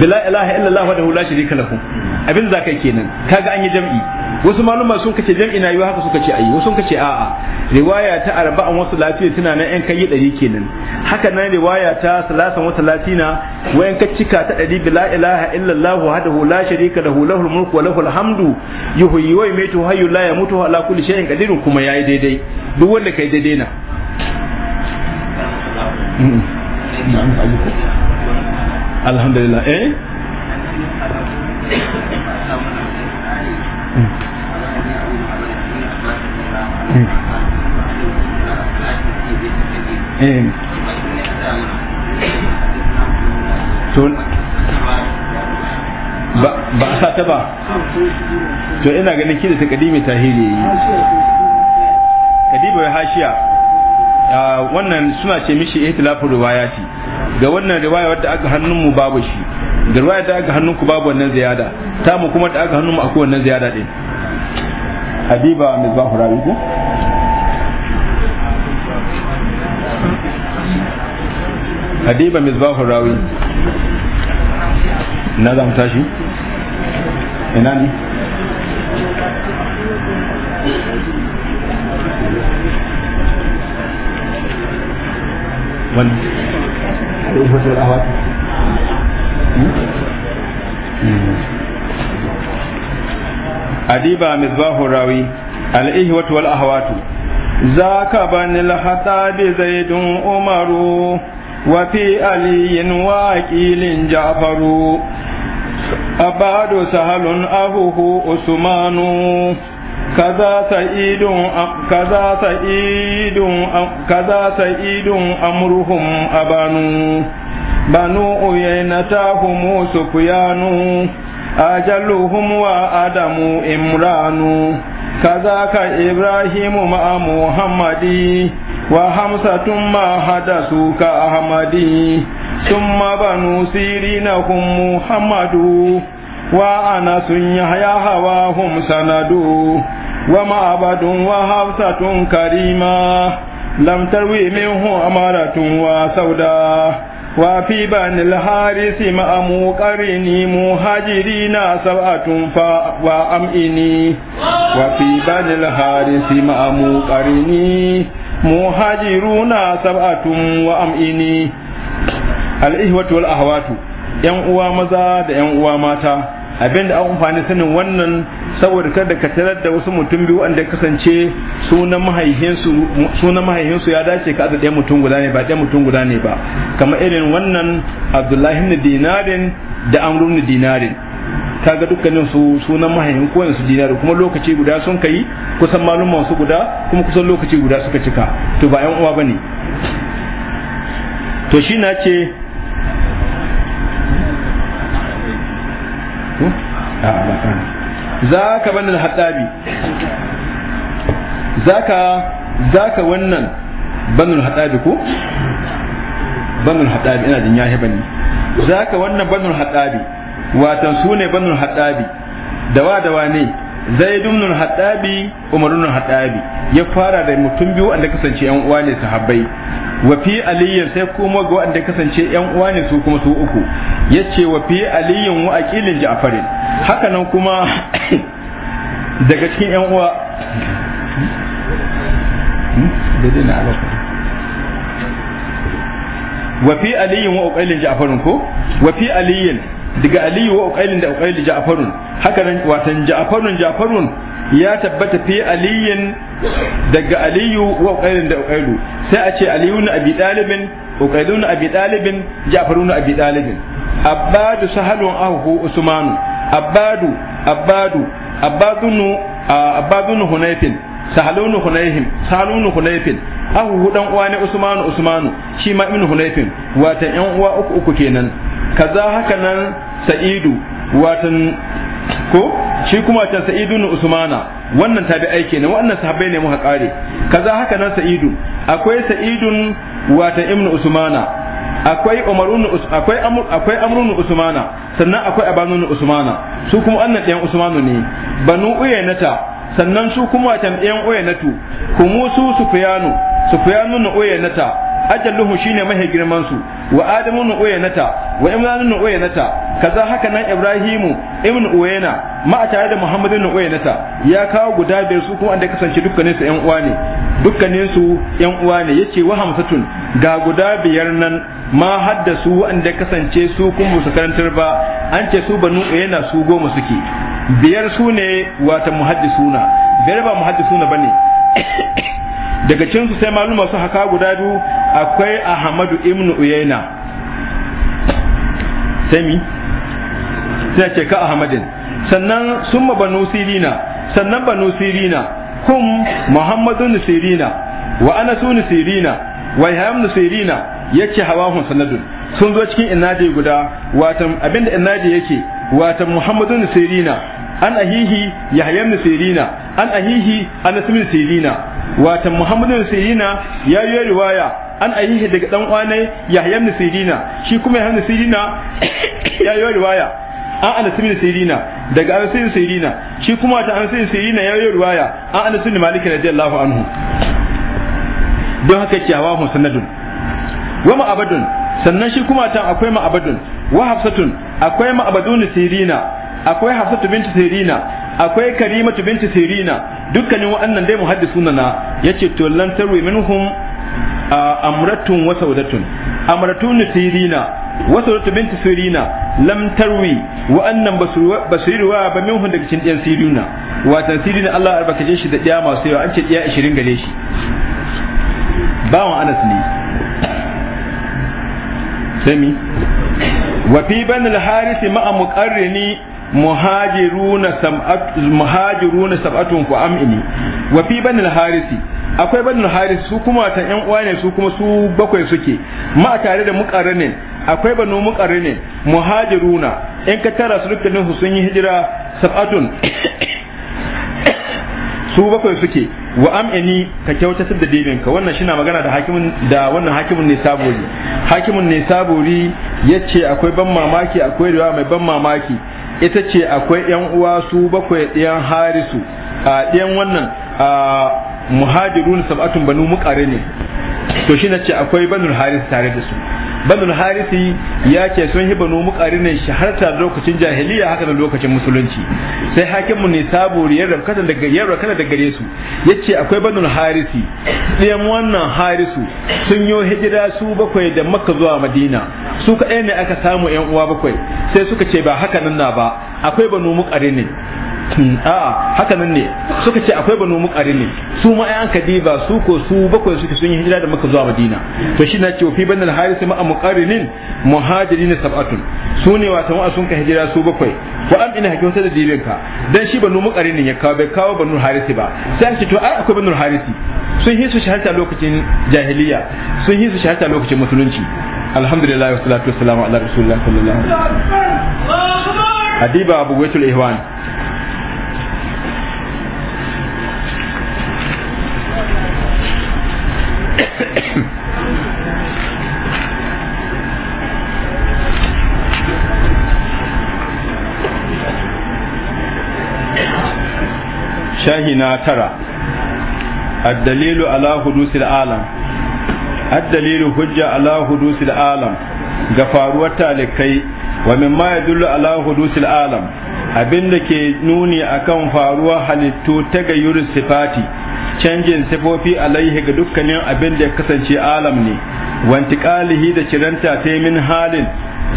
bila ilaha illallah wa hula shirika lahu abin za ka yi kenan kaga an yi jam'i wasu maluma sun kace jam'i na yiwa haka suka ce ayi wasu sun kace a'a riwaya ta arba'an wasu lafiya tana nan yan kai dari kenan haka nan riwaya ta salasan wa latina wayan ka cika ta dari bila ilaha illallah wahdahu la sharika lahu lahul mulku wa lahul hamdu yuhyi wa yumitu hayyu la yamutu ala kulli shay'in qadirun kuma yayi daidai duk wanda kai daidai na alhamdulillah eh Eh. ba a sata ba to ina ganin kida ta kadimi tahiri yi kadibar hashiya ah, wannan suna ce mishi ruwaya ce ga wannan ruwaya wadda aka hannunmu babu shi da ruwaya da aka hannun ku babu wannan ziyada ta mu kuma da aka hannunmu a akwai wannan ziyada din habiba mai hadiba na za mu tashi ina ne wani adiba misbahu rawi al-ihwatu wal ahwatu zaka al hatabi zaidun umaru wa fi aliyin wa aqilin ja'faru abadu sahalun ahuhu usmanu kaza sa'idun kaza sa'idun kaza sa'idun amruhum abanu banu uyaynatahum sufyanu أجلهم وآدم إمران كذاك إبراهيم مع محمد وحمسة ما حدثوا كأحمد ثم بنو سيرينهم محمد وأنس يحيى هواهم سند ومعبد وحفصة كريمة لم تروي منه أمارة وسوداء وفي بن الحارس مع مقرني مهاجرين سبعة وأمئني وفي بن الحارس مع مقرني مهاجرون سبعة وأمئني الإهوة والأهوات ‘yan مزاد maza da abin da an amfani sanin wannan saboda kada ka tarar da wasu mutum biyu wanda kasance sunan mahaihinsu sunan mahaihinsu ya dace ka aza ɗaya mutum guda ne ba ɗaya mutum guda ne ba kamar irin wannan abdullahi ibn dinarin da amru ibn dinarin kaga dukkanin su sunan mahaihin ko su dinari kuma lokaci guda sun kai kusan malumman su guda kuma kusan lokaci guda suka cika to ba yan uwa bane to shi na ce za ka ba kan zaka wannan haddabi wannan banul ko banul ina jin yahi bane wannan banul watan sune banul haddabi dawa dawa ne zaid ibn hattabi umar ibn hattabi ya fara da mutum biyu wanda kasance yan uwa ne sahabbai wa fi aliyyin sai kuma ga wanda kasance yan uwa ne su kuma su uku yace wa fi aliyyin wa aqilin ja'farin haka nan kuma daga cikin yan uwa hmm? daidai na alaƙa wa fi aliyin wa aqilin ja'farin ko wa fi aliyin daga aliyu wa uqailin da uqail ja'farun haka nan watan ja'farun ja'farun ya tabbata fi aliyin daga aliyu wa uqailin da uqailu sai a ce aliyu na abi dalibin uqailu na abi dalibin ja'farun na abi dalibin Abadu sahalun ahu usmanu abadu abadu abadunu abadunu hunayfin sahalunu hunayhim sahalunu hunayfin ahu dan uwa ne usmanu usmanu shi ma ibn hunayfin watan yan uwa uku uku kenan kaza haka nan sa'idu watan ko shi kuma can sa'idu na usmana wannan tabi aiki ne wannan sahabbai ne muka kare kaza haka nan sa'idu akwai sa'idun watan ibnu usmana akwai umarun akwai amr akwai amrun usmana sannan akwai abanun usmana su kuma wannan ɗayan usmanu ne banu ta sannan su kuma watan ɗayan uyainatu kuma su sufyanu sufyanu na ta. ajalluhu shine mahi girman su wa adamu nu uyanata wa imran nu uyanata kaza haka nan ibrahimu ibn uyana ma tare da muhammadu nu uyanata ya kawo guda biyar su kuma da kasance dukkanin su yan uwa ne dukkanin su yan uwa ne yace wa hamsatun ga guda biyar nan ma haddasu wanda kasance su kun musu karantar ba an ce su banu uyana su goma suke biyar su ne wata muhaddisuna biyar ba muhaddisuna bane daga su sai malum su haka guda biyu akwai ahmadu ibn uyaina mi sai ce ka ahmadin sannan summa banu sirina sannan banu sirina kum Muhammadu sirina wa su sirina wa iham sirina yace hawahun sanadun sun zo cikin inadi guda watan abinda inadi yake watan Muhammadu sirina an ahihi yahya ibn sirina an ahihi an nasmin sirina watan muhammadu sirina ya yi riwaya an ahihi daga dan ya yahya ibn sirina shi kuma yahya hannu sirina ya yi riwaya an anas ibn sirina daga an ibn sirina shi kuma ta an ibn sirina ya yi riwaya an Maliki ibn malik radiyallahu anhu don haka ce hawa sanadun wa ma'abadun sannan shi kuma ta akwai ma'abadun wa hafsatun akwai ma'abadun sirina akwai hafsatu Binta sirina akwai karimatu binti sirina dukkanin wa'annan dai sunana na ce to lan tarwi minhum amratun wa saudatun amratun sirina wa saudatu binti sirina lam tarwi wa'annan wa ba minhum daga cikin ɗiyan sirina watan sirina Allah albarkace shi da ɗiya masu yawa an ce ɗiya ishirin gare shi bawan Anas ne sami wa fi ban al-harisi ma'a muqarrini muhajiruna sam'at muhajiruna sab'atun ku amini wa fi banil harisi akwai banil harisi su kuma ta yan uwa ne su kuma su bakwai suke ma tare da muqarrinin akwai banu muqarrinin muhajiruna in ka tara su dukkanin su sun yi hijira sab'atun su bakwai suke wa am'ini ka kyautatar da ka wannan shi na magana da hakimin da wannan hakimin ne sabori hakimin ne sabori yace akwai ban mamaki akwai riwa mai ban mamaki ita ce akwai yan uwa su bakwai ɗayan harisu a wannan a muhajirun sab'atun banu mukare ne to shi na ce akwai banul harisi tare da su banul harisi ya ce sun hi banu muqarinin shaharta lokacin jahiliya haka da lokacin musulunci sai hakimu ne saburi ya da daga ya gare su yace akwai banul harisi ɗayan wannan harisu sun yo hijira su bakwai da makka zuwa madina su kaɗai ne aka samu yan uwa bakwai sai suka ce ba haka nan na ba akwai banu muqarinin a haka nan ne suka ce akwai banu mukari ne su ma ayan kadiba su ko su bakwai suke sun yi hijira da maka zuwa madina to shi na ce fi banal haris ma muqarinin muhajirin sab'atun su ne wato ma sun ka hijira su bakwai wa am ina hakiyata da dibinka dan shi banu muqarinin ya kawo bai kawo banu haris ba sai ce to ai akwai banu haris sun su shaharta lokacin jahiliya sun su shaharta lokacin musulunci alhamdulillah wa salatu wassalamu ala rasulillah sallallahu alaihi wasallam hadiba abu waitul ihwan shahi na الدليل على حدوث العالم الدليل حجة على حدوث العالم غفار وتالكي ومما يدل على حدوث العالم abin da ke nuni akan faruwar halittu ta gayyurin sifati canjin sifofi alaihi ga dukkanin abin da ya kasance alam ne wantikalihi da ciranta ta min halin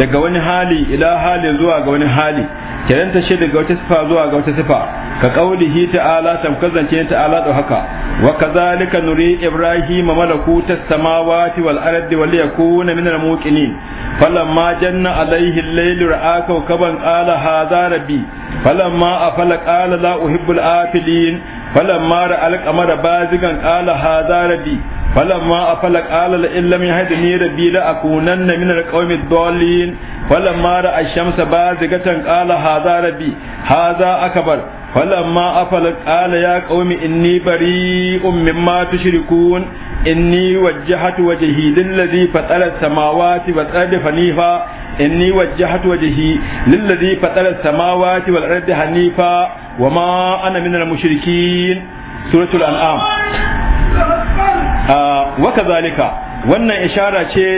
daga wani hali ila hali zuwa ga wani hali ciranta shi daga wata sifa zuwa ga wata sifa ka qaulihi ta'ala tamkazance ta'ala da haka wa kazalika nuri ibrahima malakuta samawati wal ardi wa liyakuna min al muqinin falamma janna alayhi al layl ra'a kawkaban qala hadha rabbi falamma afala qala la uhibbu al afilin falamma ra'a al qamara bazigan qala hadha rabbi فلما أفل قال إن لم يهدني ربي لأكونن من القوم الضالين فلما رأى الشمس بازغة قال هذا ربي هذا أكبر فلما أفل قال يا قوم إني بريء مما تشركون إني وجهت وجهي للذي فطر السماوات والأرض حنيفا إني وجهت وجهي للذي فطر السماوات والأرض حنيفا وما أنا من المشركين سورة الأنعام آه وكذلك wannan ishara ce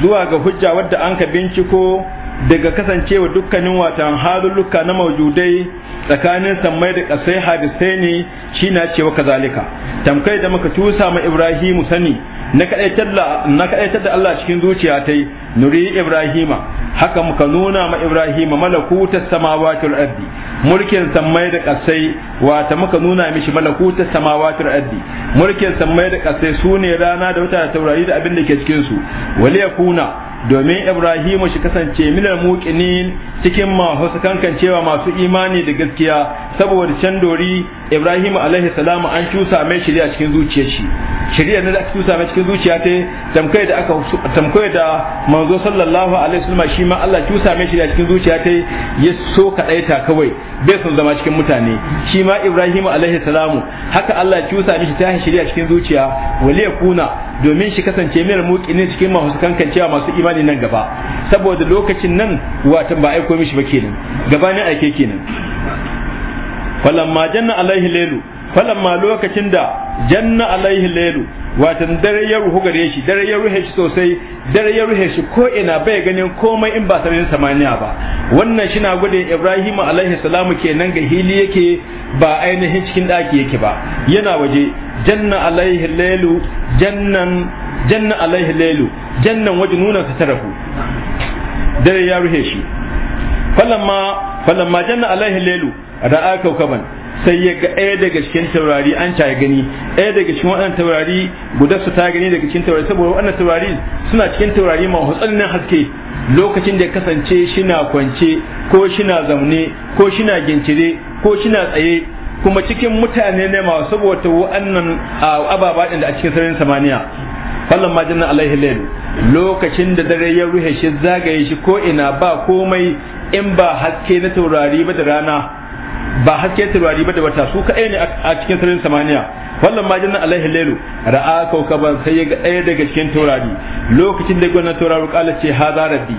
zuwa ga hujja wadda an ka binciko daga kasancewa dukkanin watan halulluka na maujudai tsakanin sammai da kasai hadisai ne shi na cewa kazalika tamkai da muka tusa ma ibrahimu sani na kaɗaitar da Allah cikin zuciya ta yi nuri ibrahima haka muka nuna ma ibrahima malakutar samawatul ardi mulkin sammai da kasai wata muka nuna mishi malakutar samawatul ardi mulkin sammai da kasai su ne rana da wata taurari da abin da ke cikinsu, su ya kuna. domin ibrahimu shi kasance milar muqinin cikin masu cewa masu imani da gaskiya saboda can dori ibrahimu alaihi salam an cusa mai shirya cikin zuciya shi na da aka cusa mai cikin zuciya ta tamkai da aka tamkai da manzo sallallahu alaihi wasallam shi ma Allah cusa mai shirya cikin zuciya ta ya so kadaita kawai bai son zama cikin mutane shi ma ibrahimu alaihi salam haka Allah cusa mishi ta shirya cikin zuciya waliyakuna domin shi kasance mai muki ne cikin masu kankancewa masu imani nan gaba saboda lokacin nan watan ba aiko mishi ba kenan ne aike kenan falamma janna alaihi lailu falamma lokacin da janna alaihi lailu watan dare ya ruhu gare shi dare ya ruhe shi sosai dare ya ruhe shi ko ina bai ganin komai in ba sararin samaniya ba wannan shi na gudun ibrahim alaihi salamu kenan ga hili yake ba ainihin cikin ɗaki yake ba yana waje janna alaihi lailu jannan janna alaihi lailu jannan waje nuna ta tarafu dare ya ruhe shi falamma falamma janna alaihi lailu ra'a kaukaban sai ya ga ɗaya daga cikin taurari an ta gani ɗaya daga cikin waɗannan taurari guda su ta gani daga cikin taurari saboda waɗannan taurari suna cikin taurari masu tsananin haske lokacin da ya kasance shina kwance ko shina zaune ko shina gincire ko shina tsaye kuma cikin mutane ne ma saboda waɗannan ababa da a cikin sararin samaniya fallon ma alaihi layl lokacin da dare ya ruhe shi zagaye shi ko ina ba komai in ba haske na taurari ba da rana ba haske turwari ba da wata su kaɗai ne a cikin sararin samaniya wallan ma janna alaihi lailu ra'a kaukaban sai ya ga ɗaya daga cikin taurari lokacin da gwanan tauraro kala ce haza rabbi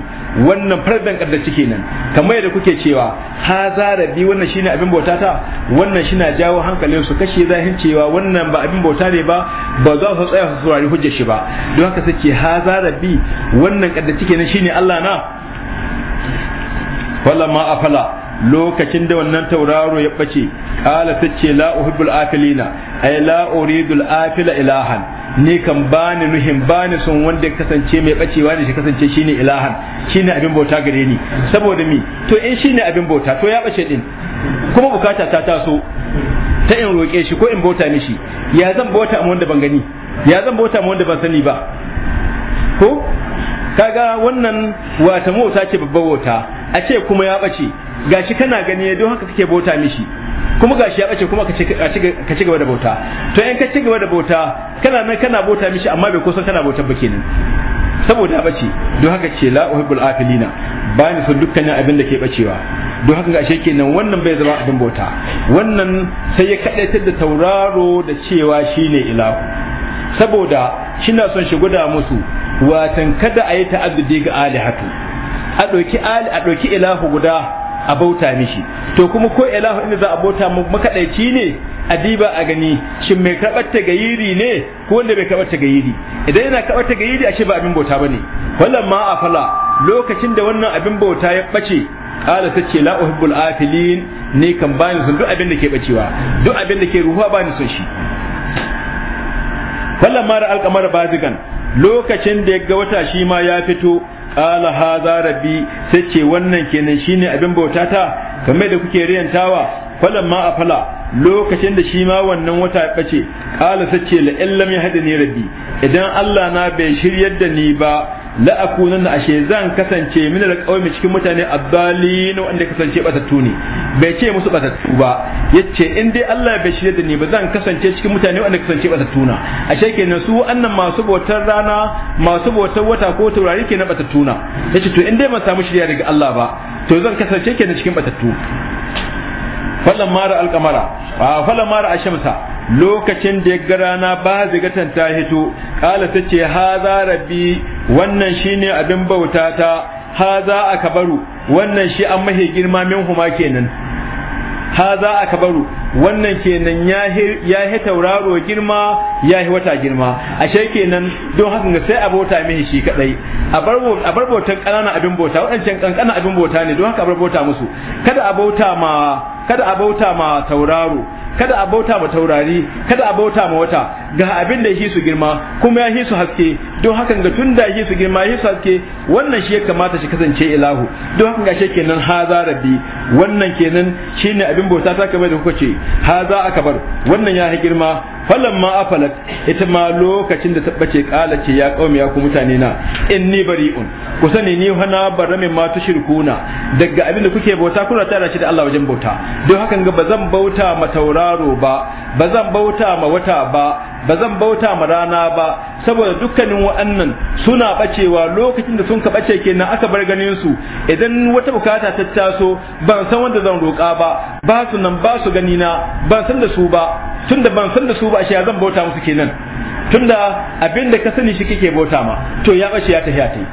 wannan farban kadda cike nan kamar yadda kuke cewa haza rabbi wannan shine abin bauta ta wannan shine jawo hankalin su kashe zahin cewa wannan ba abin bauta ne ba ba za su tsaya su saurari hujjar shi ba don haka suke haza rabbi wannan kadda cike nan shine Allah na wallan ma afala lokacin da wannan tauraro ya bace kala tace la uhibbul afilina ay la uridul afila ilahan ni kan bani nuhin bani son wanda ya kasance mai bacewa ne shi kasance shine ilahan shine abin bauta gare ni saboda mi to in shine abin bauta to ya bace din kuma bukata ta taso ta in roƙe shi ko in bauta mishi ya zan bauta mu wanda ban gani ya zan bauta mu wanda ban sani ba ko kaga wannan wata mota ce babbar wata a ce kuma ya bace gashi kana gani don haka kake bauta mishi kuma gashi ya bace kuma ka ci gaba da bauta to in ka ci gaba da bauta kana nan kana bauta mishi amma bai kusan kana bautar ba kenan saboda bace don haka ce la uhibbul afilina ba ni son dukkanin abin da ke bacewa don haka gashi kenan wannan bai zama abin bauta wannan sai ya kadaitar da tauraro da cewa shine ilahu saboda shina son shi guda musu watan kada a yi ta'addudi ga alihatu a ɗauki a ɗauki ilahu guda a bauta mishi to kuma ko ilahu inda za a bauta mu makadaici ne adiba a gani shin mai ta gayiri ne ko wanda bai ta gayiri idan yana karɓar a ashe ba abin bauta bane wallan ma a fala lokacin da wannan abin bauta ya bace kala ta ce la uhibbul afilin ne kan bani sun duk abin da ke bacewa duk abin da ke ruhuwa bani son shi wallan ma ra qamar bazigan lokacin da ya ga wata shi ma ya fito qala hadha rabbi sai ce wannan kenan shine abin bautata kamar da kuke riyantawa falan ma a fala. lokacin da shi ma wannan wata ya bace qala sai ce la illam yahdini rabbi idan Allah na bai shiryar da ni ba la akunanna ashe zan kasance min da alqawmi cikin mutane na wanda kasance batattu ne bai ce musu batattu ba yace in dai Allah bai bashi da ni ba zan kasance cikin mutane wanda kasance batattu na ashe kenan su annan masu bautar rana masu bautar wata ko taurari kenan batattu na yace to in dai ban samu shirya daga Allah ba to zan kasance kenan cikin batattu falan mara alkamara falan mara ashamsa lokacin da ya ga rana ba zigatan ta hito kala ta ce ha za rabi wannan shi ne abin bauta ta ha za a kabaru wannan shi an mahe girma min huma kenan Ha za a kabaru wannan kenan ya yi tauraro girma ya yi wata girma shai kenan don hakan ga sai a bauta mihi shi kadai a bar bautan ƙananan abin bauta waɗancan kankanan abin bauta ne don haka a bar bauta musu kada a bauta ma kada a bauta ma tauraro kada a bauta ma taurari kada a bauta ma wata ga abin da ya su girma kuma ya su haske don hakan ga tun da ya su girma ya su haske wannan shi ya kamata shi kasance ilahu don hakan ga kenan haza rabbi wannan kenan shine abin bauta ta kamar da kuka ce haza bar wannan ya girma falan ma afalat ita ma lokacin da tabbace kala ce ya kaumi ya ku mutane na inni bari'un ku sani ni hana barame ma tushrikuna daga abin da kuke bauta kuna tare shi da Allah wajen bauta don hakan ga bazan bauta ma tauraro ba bazan bauta ma wata ba ba zan bauta ma rana ba saboda dukkanin wa'annan suna bacewa lokacin da sun ka bace kenan aka bar ganin su idan wata bukata ta taso ban san wanda zan roƙa ba ba su nan ba su gani na ban san da su ba tunda ban san da su ba shi zan bauta musu kenan tunda abin da ka sani shi kake bauta ma to ya bace ya tafiya tai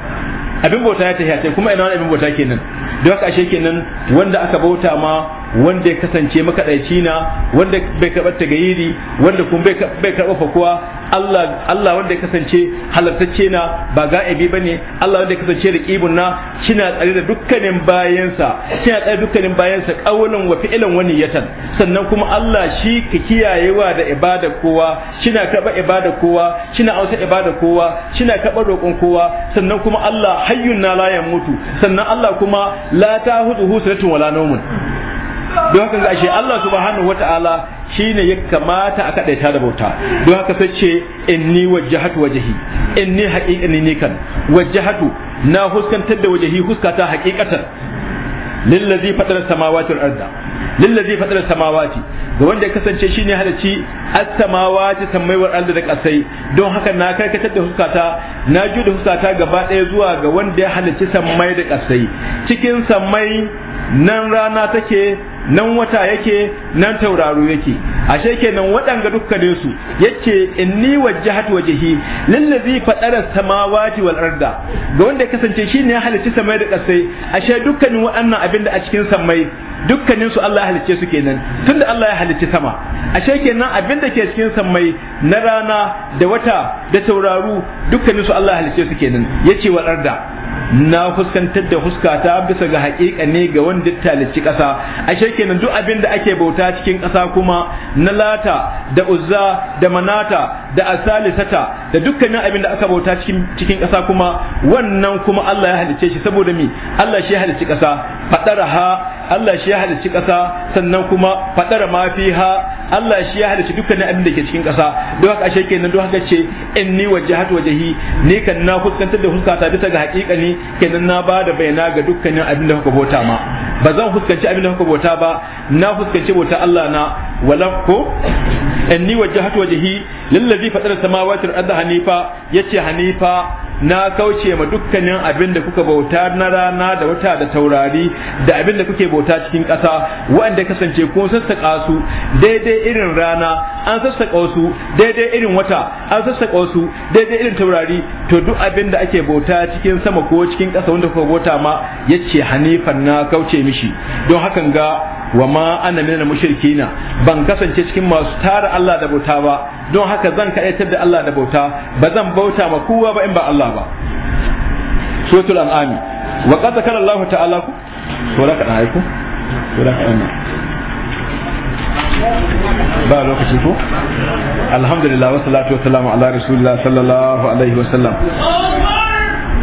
abin bauta ya tafiya tai kuma ina wani abin bauta kenan don haka ashe kenan wanda aka bauta ma wanda ya kasance makaɗaici na wanda bai karɓar tagayiri wanda kuma bai karɓar fakuwa Allah Allah wanda ya kasance halartacce na ba ga'ibi bane Allah wanda ya kasance riqibun na kina tsare da dukkanin bayansa kina tsare dukkanin bayansa qawlan wa fi'lan wani yatan sannan kuma Allah shi ka kiyayewa da ibada kowa kina karɓa ibada kowa kina auta ibada kowa kina karɓar roƙon kowa sannan kuma Allah hayyun na la yamutu sannan Allah kuma la tahuduhu suratun wala nawmun don haka ga ashe Allah subhanahu wata'ala shine ya kamata a kadaita da bauta don haka sai ce inni wajjahatu wajhi inni haqiqatan ni kan wajjahatu na huskantar da wajhi huskata haqiqatan lillazi fatara samawati wal arda lillazi fatara samawati ga wanda ya kasance shine halacci as-samawati sammai wal arda da kasai don haka na karkatar da huskata na jude huskata gaba daya zuwa ga wanda ya halacci sammai da kasai cikin sammai nan rana take nan wata yake nan tauraro yake ashe kenan waɗanga dukkanin su yace inni wajjahatu wajhi lillazi fatara samawati wal arda ga wanda ya kasance shine ya halicci samai da kasai ashe dukkanin waɗannan abin da a cikin samai dukkanin su Allah ya halicce su kenan tunda Allah ya halicci sama ashe kenan abin da ke cikin samai na rana da wata da tauraro dukkanin su Allah ya halicce su kenan yace wal arda na fuskantar da ta bisa ga haƙiƙa ne ga wanda talici ƙasa ashe kenan duk abin da ake bauta cikin ƙasa kuma na lata da uzza da manata da asalisata da dukkanin abin da aka bauta cikin cikin ƙasa kuma wannan kuma Allah ya halicce shi saboda mi Allah shi ya halicci ƙasa fadaraha Allah shi ya halicci ƙasa sannan kuma fadara ma fiha Allah shi ya halicci dukkanin abin da ke cikin ƙasa don haka ashe kenan don haka ce inni wajhatu wajhi ni kan na fuskantar da fuskata bisa ga haƙiƙani kenan na ba da bayana ga dukkanin abin da kuka bota ma ba zan fuskanci abin da kuka bota ba na fuskanci bota Allah na wala ko inni wajhatu wajhi lillazi fatara samawati wal ardh hanifa yace hanifa na kauce ma dukkanin abin da kuka bauta na rana da wata da taurari da abin da kuke bauta cikin ƙasa waɗanda kasance ko sassaƙa su daidai irin rana an sassaƙa su daidai irin wata an sassaƙa su daidai irin taurari to duk abin da ake bauta cikin sama ko cikin ƙasa wanda kuka bauta ma yace hanifan na kauce mishi don hakan ga wa ma ana minal mushrikina ban kasance cikin masu tara Allah da bauta ba don haka zan kaɗaitar da Allah da bauta ba zan bauta ma kowa ba in ba Allah ba suratul al'ami wa qad zakara Allah ta'ala ku da kana aiko ba lokaci ko alhamdulillah wa salatu wa salamu ala rasulillah sallallahu alaihi wa sallam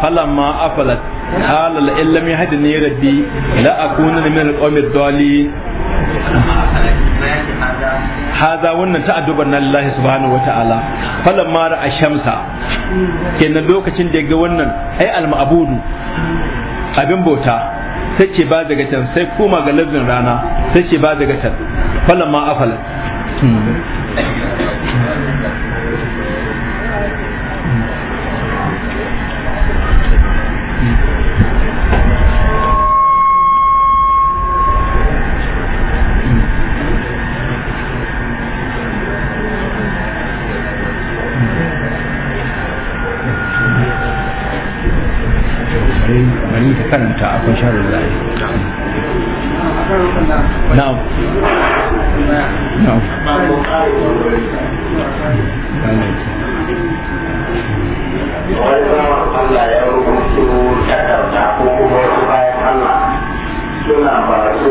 falamma afalat qala illam yahdini rabbi la akuna min alqawmi ad-dallin wannan na subhanahu a kenan lokacin da ya ga wannan ai abin bauta sai ba daga can sai koma ga lazin rana sai ba daga can falamma kanta akwai sharrin layi na'am Allah ya rubutu takarda ko bayan Allah suna ba su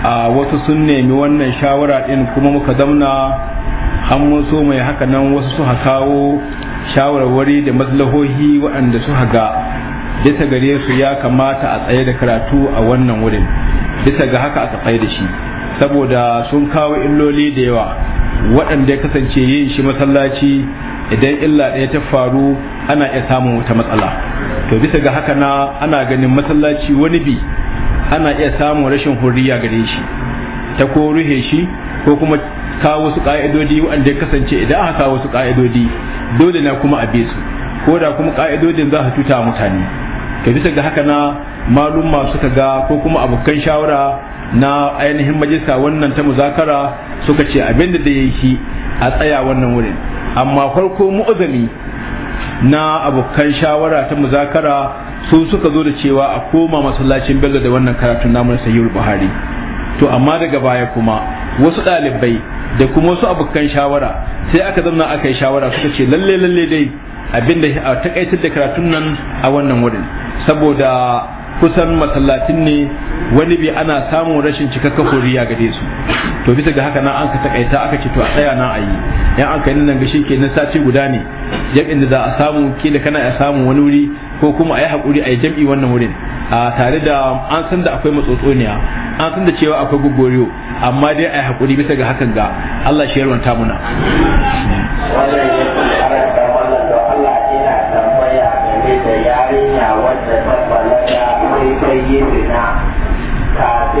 a wasu sun nemi wannan shawara din kuma muka zamna an mai haka nan wasu suka kawo shawarwari da maslahohi waɗanda suka ga bisa gare su ya kamata a tsaye da karatu a wannan wurin bisa ga haka aka tsaye da shi saboda sun kawo illoli da yawa waɗanda ya kasance yin shi masallaci idan illa ɗaya ta faru ana iya samun wata matsala to bisa ga haka na ana ganin masallaci wani bi ana iya samun rashin hurriya gare shi ta ko ruhe shi ko kuma kawo su ka'idodi wanda ya kasance idan aka kawo su ka'idodi dole na kuma abe su ko da kuma ka'idodin za a tuta mutane ka bisa ga haka na malumma suka ga ko kuma abokan shawara na ainihin majista wannan ta muzakara suka ce abinda da ya yi a tsaya wannan wurin amma farko mu'azami na abokan shawara ta muzakara su suka zo da cewa a koma masallacin bello da wannan karatun namun sayyid buhari to amma daga baya kuma wasu ɗalibai da kuma wasu abokan shawara sai aka zauna aka yi shawara suka ce lalle lalle dai abinda a takaitar da karatun nan a wannan wurin saboda kusan masallacin ne wani bi ana samun rashin cikakka koriya gare su to bisa ga haka nan an ka takaita aka ce to a tsaya na ayi yan an kai nan gashin ke na sati guda ne jam'in da za a samu ke da kana ya samu wani wuri ko kuma a hakuri a yi jam'i wannan wurin a tare da an san da akwai matsotsoniya an san da cewa akwai gogoriyo amma dai a yi hakuri bisa ga hakan ga Allah shi yarwanta muna.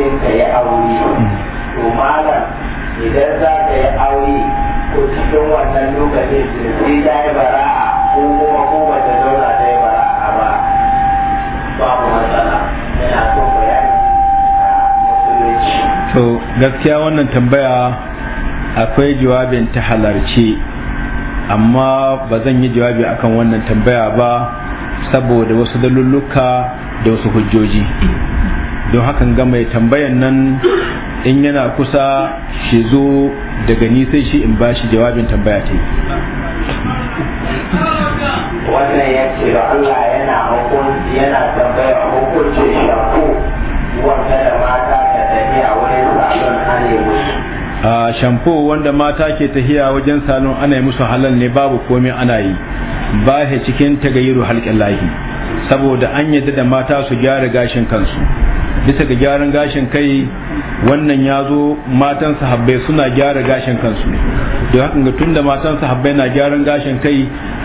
sai ka yi aure to malam idan za ka yi aure ko cikin wannan lokacin sai ta yi bara'a ko kuma ko ba ta zauna ta yi bara'a ba ba mu matsala yana son bayani a musulunci. to gaskiya wannan tambaya akwai jawabin ta halarci amma ba zan yi jawabi akan wannan tambaya ba saboda wasu dalulluka da wasu hujjoji don hakan ga mai tambayan nan in yana kusa shi zo daga sai shi in bashi jawabin tambaya ta yi. wannan ya ce da Allah yana hukunci yana tambaya hukuncin shaku wanda da mata ka tafiya wajen salon hane musu a shampo wanda mata ke tafiya wajen salon ana yi musu halal ne babu komai ana yi ba cikin tagayyuru halƙin lahi saboda an yadda da mata su gyara gashin kansu bisa ga gyaran gashin kai wannan ya zo matan sahabbai suna gyara gashin kansu don haka ga tunda matan sahabbai na gyaran gashin kai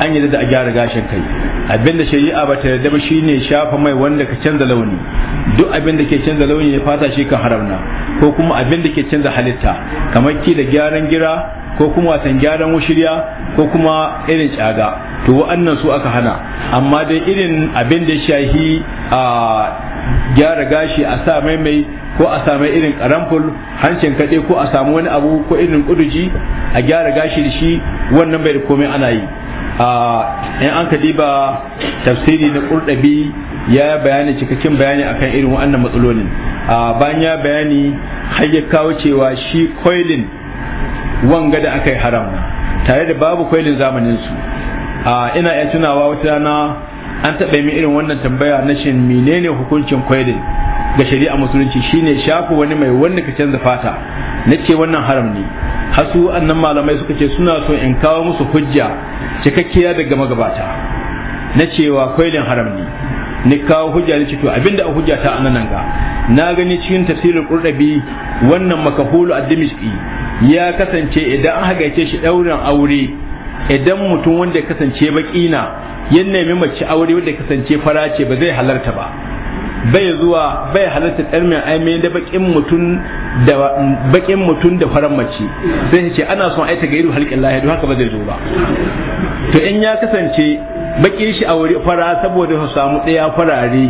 an yi da a gyara gashin kai abinda shari'a ba ta yarda ba shine shafa mai wanda ka canza launi duk abinda ke canza launi ya fata shi kan haramna ko kuma abinda ke canza halitta kamar ki da gyaran gira ko kuma wasan gyaran washirya ko kuma irin caga to wa'annan su aka hana amma dai irin abin da shahi a ah, gyara gashi a sa mai mai ko a sa mai irin karamful hancin kaɗe ko a samu wani abu ko irin kuduji a gyara gashi da shi wannan bai da komai ana yi a in an ka diba tafsiri na ƙurɗabi ya bayani cikakken bayani akan irin wannan matsalolin a bayan ya bayani har ya kawo cewa shi koilin wanga da aka yi haram tare da babu koilin zamanin su a ina iya tunawa wata rana an taɓa min irin wannan tambaya na shin menene hukuncin kwaidin ga shari'a musulunci shine shafa wani mai wani ka canza fata na ce wannan haram ne hasu annan malamai suka ce suna so in kawo musu hujja cikakkiya daga magabata na cewa kwailin haram ne ni kawo hujja ne ce to abinda a hujja ta anan ga na gani cikin tafsirin ƙurɗabi wannan makahulu ad-dimishqi ya kasance idan an hagaice shi ɗaurin aure idan mutum wanda ya kasance baki na ya nemi mace aure wadda kasance fara ce ba zai halarta ba bai zuwa bai halarta ɗan aime da bakin mutum da bakin mutum da faran mace sai ce ana son aita ga irin halƙin lahiya haka ba zai zo ba to in ya kasance bakin shi aure fara saboda su samu ɗaya farare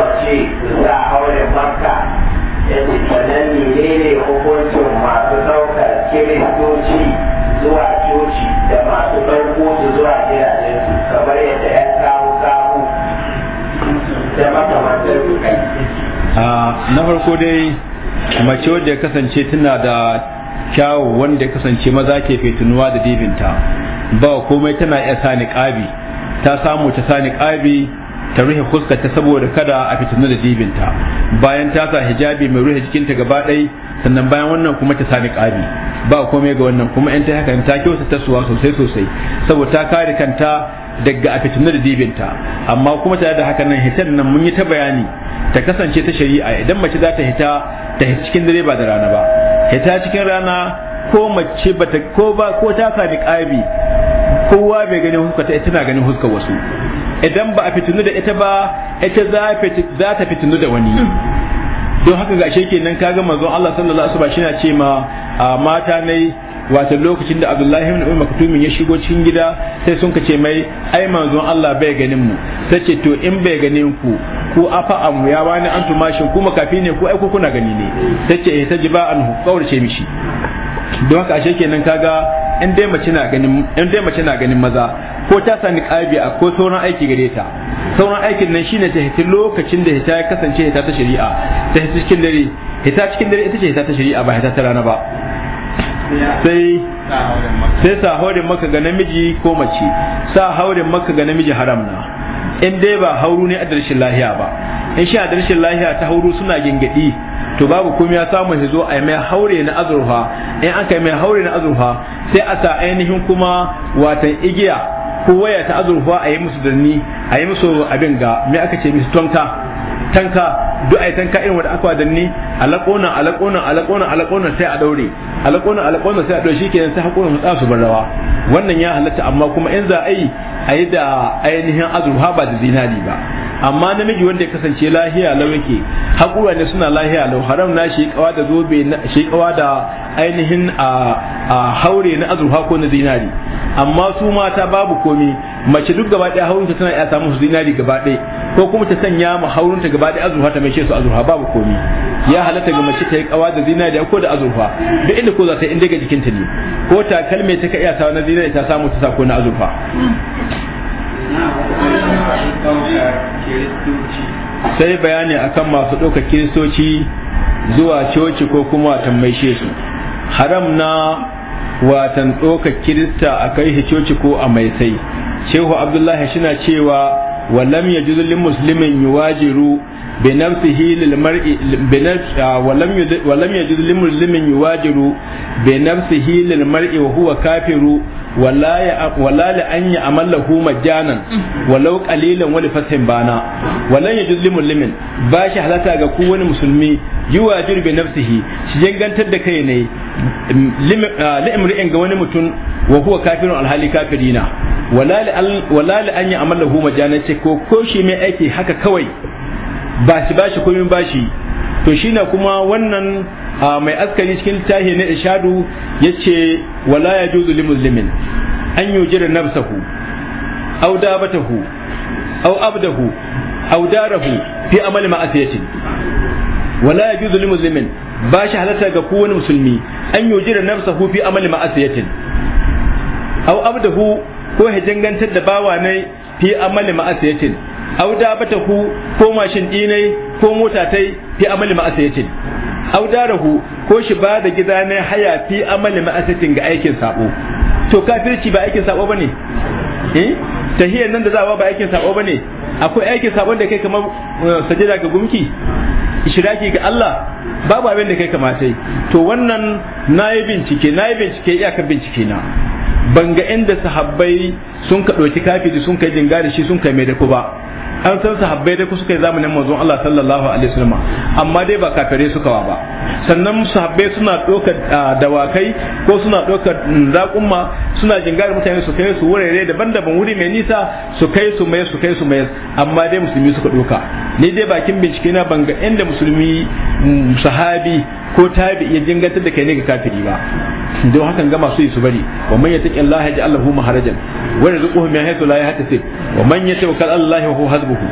mace za a aure makka yadda ne ne hukuncin masu ɗaukar kiristoci zuwa coci da masu ɗauko su zuwa gidajen su kamar yadda ya kawo kawo da makamantar su kai. na farko dai mace wadda ya kasance tana da kyawu wanda ya kasance maza ke fitinuwa da dibinta ba komai tana iya sani ƙabi ta samu ta sani ƙabi ta rufe fuskarta saboda kada a fitinu da dibinta bayan ta sa hijabi mai rufe jikinta gaba ɗai sannan bayan wannan kuma ta sami ƙari ba komai ga wannan kuma in ta haka ta kyauta ta suwa sosai sosai saboda ta kare kanta daga a fitinu da dibinta amma kuma tare da haka nan hitan nan mun yi ta bayani ta kasance ta shari'a idan mace za ta hita ta cikin dare ba da rana ba hita cikin rana ko mace ko ko ta sami ƙari kowa bai ganin huskata ita na ganin huskar wasu idan ba a fitinu da ita ba ita za ta fitinu da wani don haka ga shi kenan kaga manzon Allah sallallahu alaihi wasallam shi ce ma mata ne wato lokacin da Abdullahi ibn Umar Maktumin ya shigo cikin gida sai sun ka ce mai ai manzon Allah bai ganin mu tace to in bai ganin ku ko afa amu ya wani an shi ku makafi ne ku ai ku kuna gani ne tace eh tajiba anhu ce mishi don haka ashe kenan kaga in dai mace na ganin maza ko ta sami ƙabi a ko sauran aiki gare ta sauran aikin nan shine ta hita lokacin da hita ya kasance hita ta shari'a ta hita cikin dare hita cikin dare ita ce hita ta shari'a ba hita ta rana ba sai sai sa haurin maka ga namiji ko mace sa haurin maka ga namiji haram na in dai ba hauru ne a darshin lahiya ba in sha darshin lahiya ta hauru suna gingadi to babu komai ya samu ya zo a mai haure na azurfa in aka mai haure na azurfa sai a sa ainihin kuma watan igiya ko waya ta azurfa a yi musu danni a yi musu abin ga me aka ce musu tonka tanka duk ai tanka irin wanda aka danni alaqona alaqona alaqona alaqona sai a daure alaqona alaqona sai a daure shikenan sai hakurin hutsa su barawa wannan ya halatta amma kuma in za a yi a yi da ainihin azurfa ba da zinari ba amma namiji wanda ya kasance lahiya lau yake hakura ne suna lahiya lau haram na shi kawa da zobe shi kawa da ainihin a haure na azurfa ko na zinari amma su mata babu komi mace duk gaba ɗaya haurinta tana iya samun su zinari gaba ɗaya ko kuma ta sanya ma haurinta gaba ɗaya azurfa ta mai maishe su azurfa babu komi ya halatta ga mace ta yi kawa da zinariya ko da azurfa duk inda ko za ta yi inda ga jikinta ne ko ta kalme ta ka iya sawa na zinariya ta samu ta sa na azurfa sai bayani akan masu ɗaukar kiristoci zuwa coci ko kuma watan su haram na watan ɗaukar kirista a kai shi coci ko a mai sai shehu abdullahi shina cewa walam ya juzulin musulmin yi wajiru بنفسه للمرء بنفس ولم ولم يجد لمسلم يواجر بنفسه للمرء وهو كافر ولا ولا لان يعمل له مجانا ولو قليلا ولفتح بانا ولن يجد لمسلم باش حلتا ga kowani musulmi yuwajir bi nafsihi shi jangantar da kai ne li'imri'in ah, ga wani mutum wa huwa kafirun alhali kafirina wala li an yi amalahu majalanci ko ko shi mai aiki haka kawai ba shi ba shi komin ba shi to shi na kuma wannan mai askari cikin tahi na ishadu ya ce wala ya juzu li muslimin an yi jira nafsahu au dabatahu au abdahu au darahu fi amali ma'asiyatin wala ya juzu li muslimin ba shi halatta ga kowane musulmi an yi jira nafsahu fi amali ma'asiyatin au abdahu ko hijangantar da bawa ne fi amali ma'asiyatin bata ku ko mashin dinai ko mota tai fi amali ma'asiyatin da rahu ko shi ba da gida ne haya fi amali ma'asiyatin ga aikin sabo to kafirci ba aikin sabo bane eh tahiyar nan da zawa ba aikin sabo bane akwai aikin sabon da kai kamar eh, sajada ga gumki ishiraki ga Allah babu abin da kai kamata yi to wannan na yi bincike na yi bincike iyakar bincike na ban ga inda sahabbai sun ka ɗauki kafiri sun kai jinga da shi sun kai mai da ku ba an san sahabbai dai ku suka yi zamanin manzon Allah sallallahu alaihi wasallam amma dai ba su suka ba sannan sahabbai suna ɗaukar dawakai ko suna ɗaukar zakumma mm, suna jingar mutane su kai su wurare daban-daban wuri mai nisa su kai su mai su kai su mai amma dai musulmi suka ɗauka ni dai bakin bincike na ban ga inda musulmi mm, sahabi ko tabi ya jingantar da kai ne ga kafiri ba don hakan ga masu yi su bari wa man yattaqi Allah ya ja'al lahu maharajan wa yarzuquhu min haythu la yahtasib wa man yatawakkal Allah wa huwa hasbuhu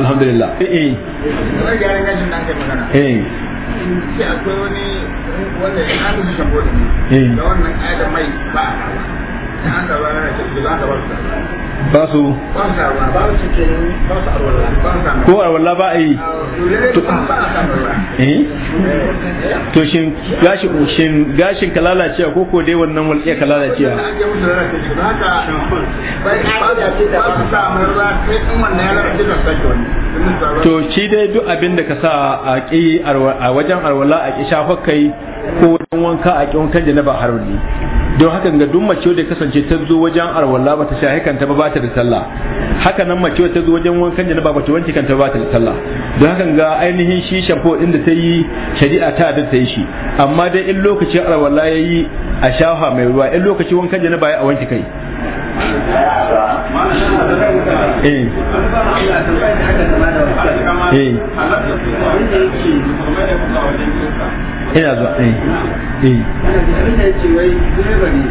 alhamdulillah eh eh, eh. sai akwai wani wanda ya eh. da wannan mai ba ba su ko arwalla ba a yi to eh? shin gashin ka lalace ko ko dai wannan walƙiya ka lalace lalacewa to shi dai duk abin da ka sa a ki ƙi a wajen arwalla a ƙi shafakai ko wajen wanka a ki wankan janaba harwalli don hakan ga duk mace da kasance ta zo wajen arwalla ba ta shahi kanta ba ba ta da sallah haka nan mace ta zo wajen wankan da ba ta wanke kanta ba ta da sallah don hakan ga ainihin shi shampo din da ta yi shari'a ta da ta yi shi amma dai in lokacin arwalla yayi a shafa mai ruwa in lokacin wankan da ba ya a wanke kai eh eh ina zuwa inda wai direba ne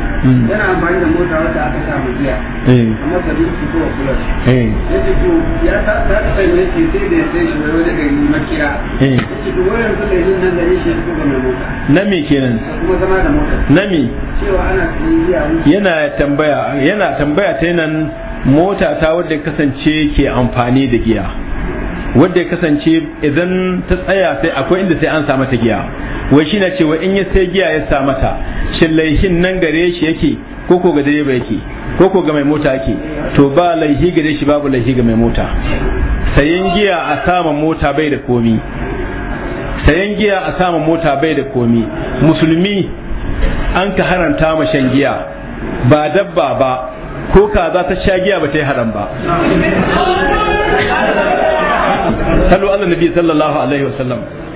yana amfani da mota wata aka sa mu amma da shi ko kula eh to ya ta ta sai ne ke sai da sai shi wai wani gari makira eh yace to wannan da nan da shi ko ga mota na me kenan kuma zama da mota na me cewa ana biya yana tambaya yana tambaya ta nan mota ta kasance ke amfani da giya wanda ya kasance idan ta tsaya sai akwai inda sai an sa mata giya wai shi na cewa in ya sai giya ya sa mata shin laihin nan gare shi yake ko ko ga direba yake ko ko ga mai mota yake to ba laihi gare shi babu laihi ga mai mota sayan giya a saman mota bai da komi sayan giya a saman mota bai da komi musulmi an ka haranta ma shan giya ba dabba ba ko kaza ta sha giya ba ta yi haram ba صلوا على النبي صلى الله عليه وسلم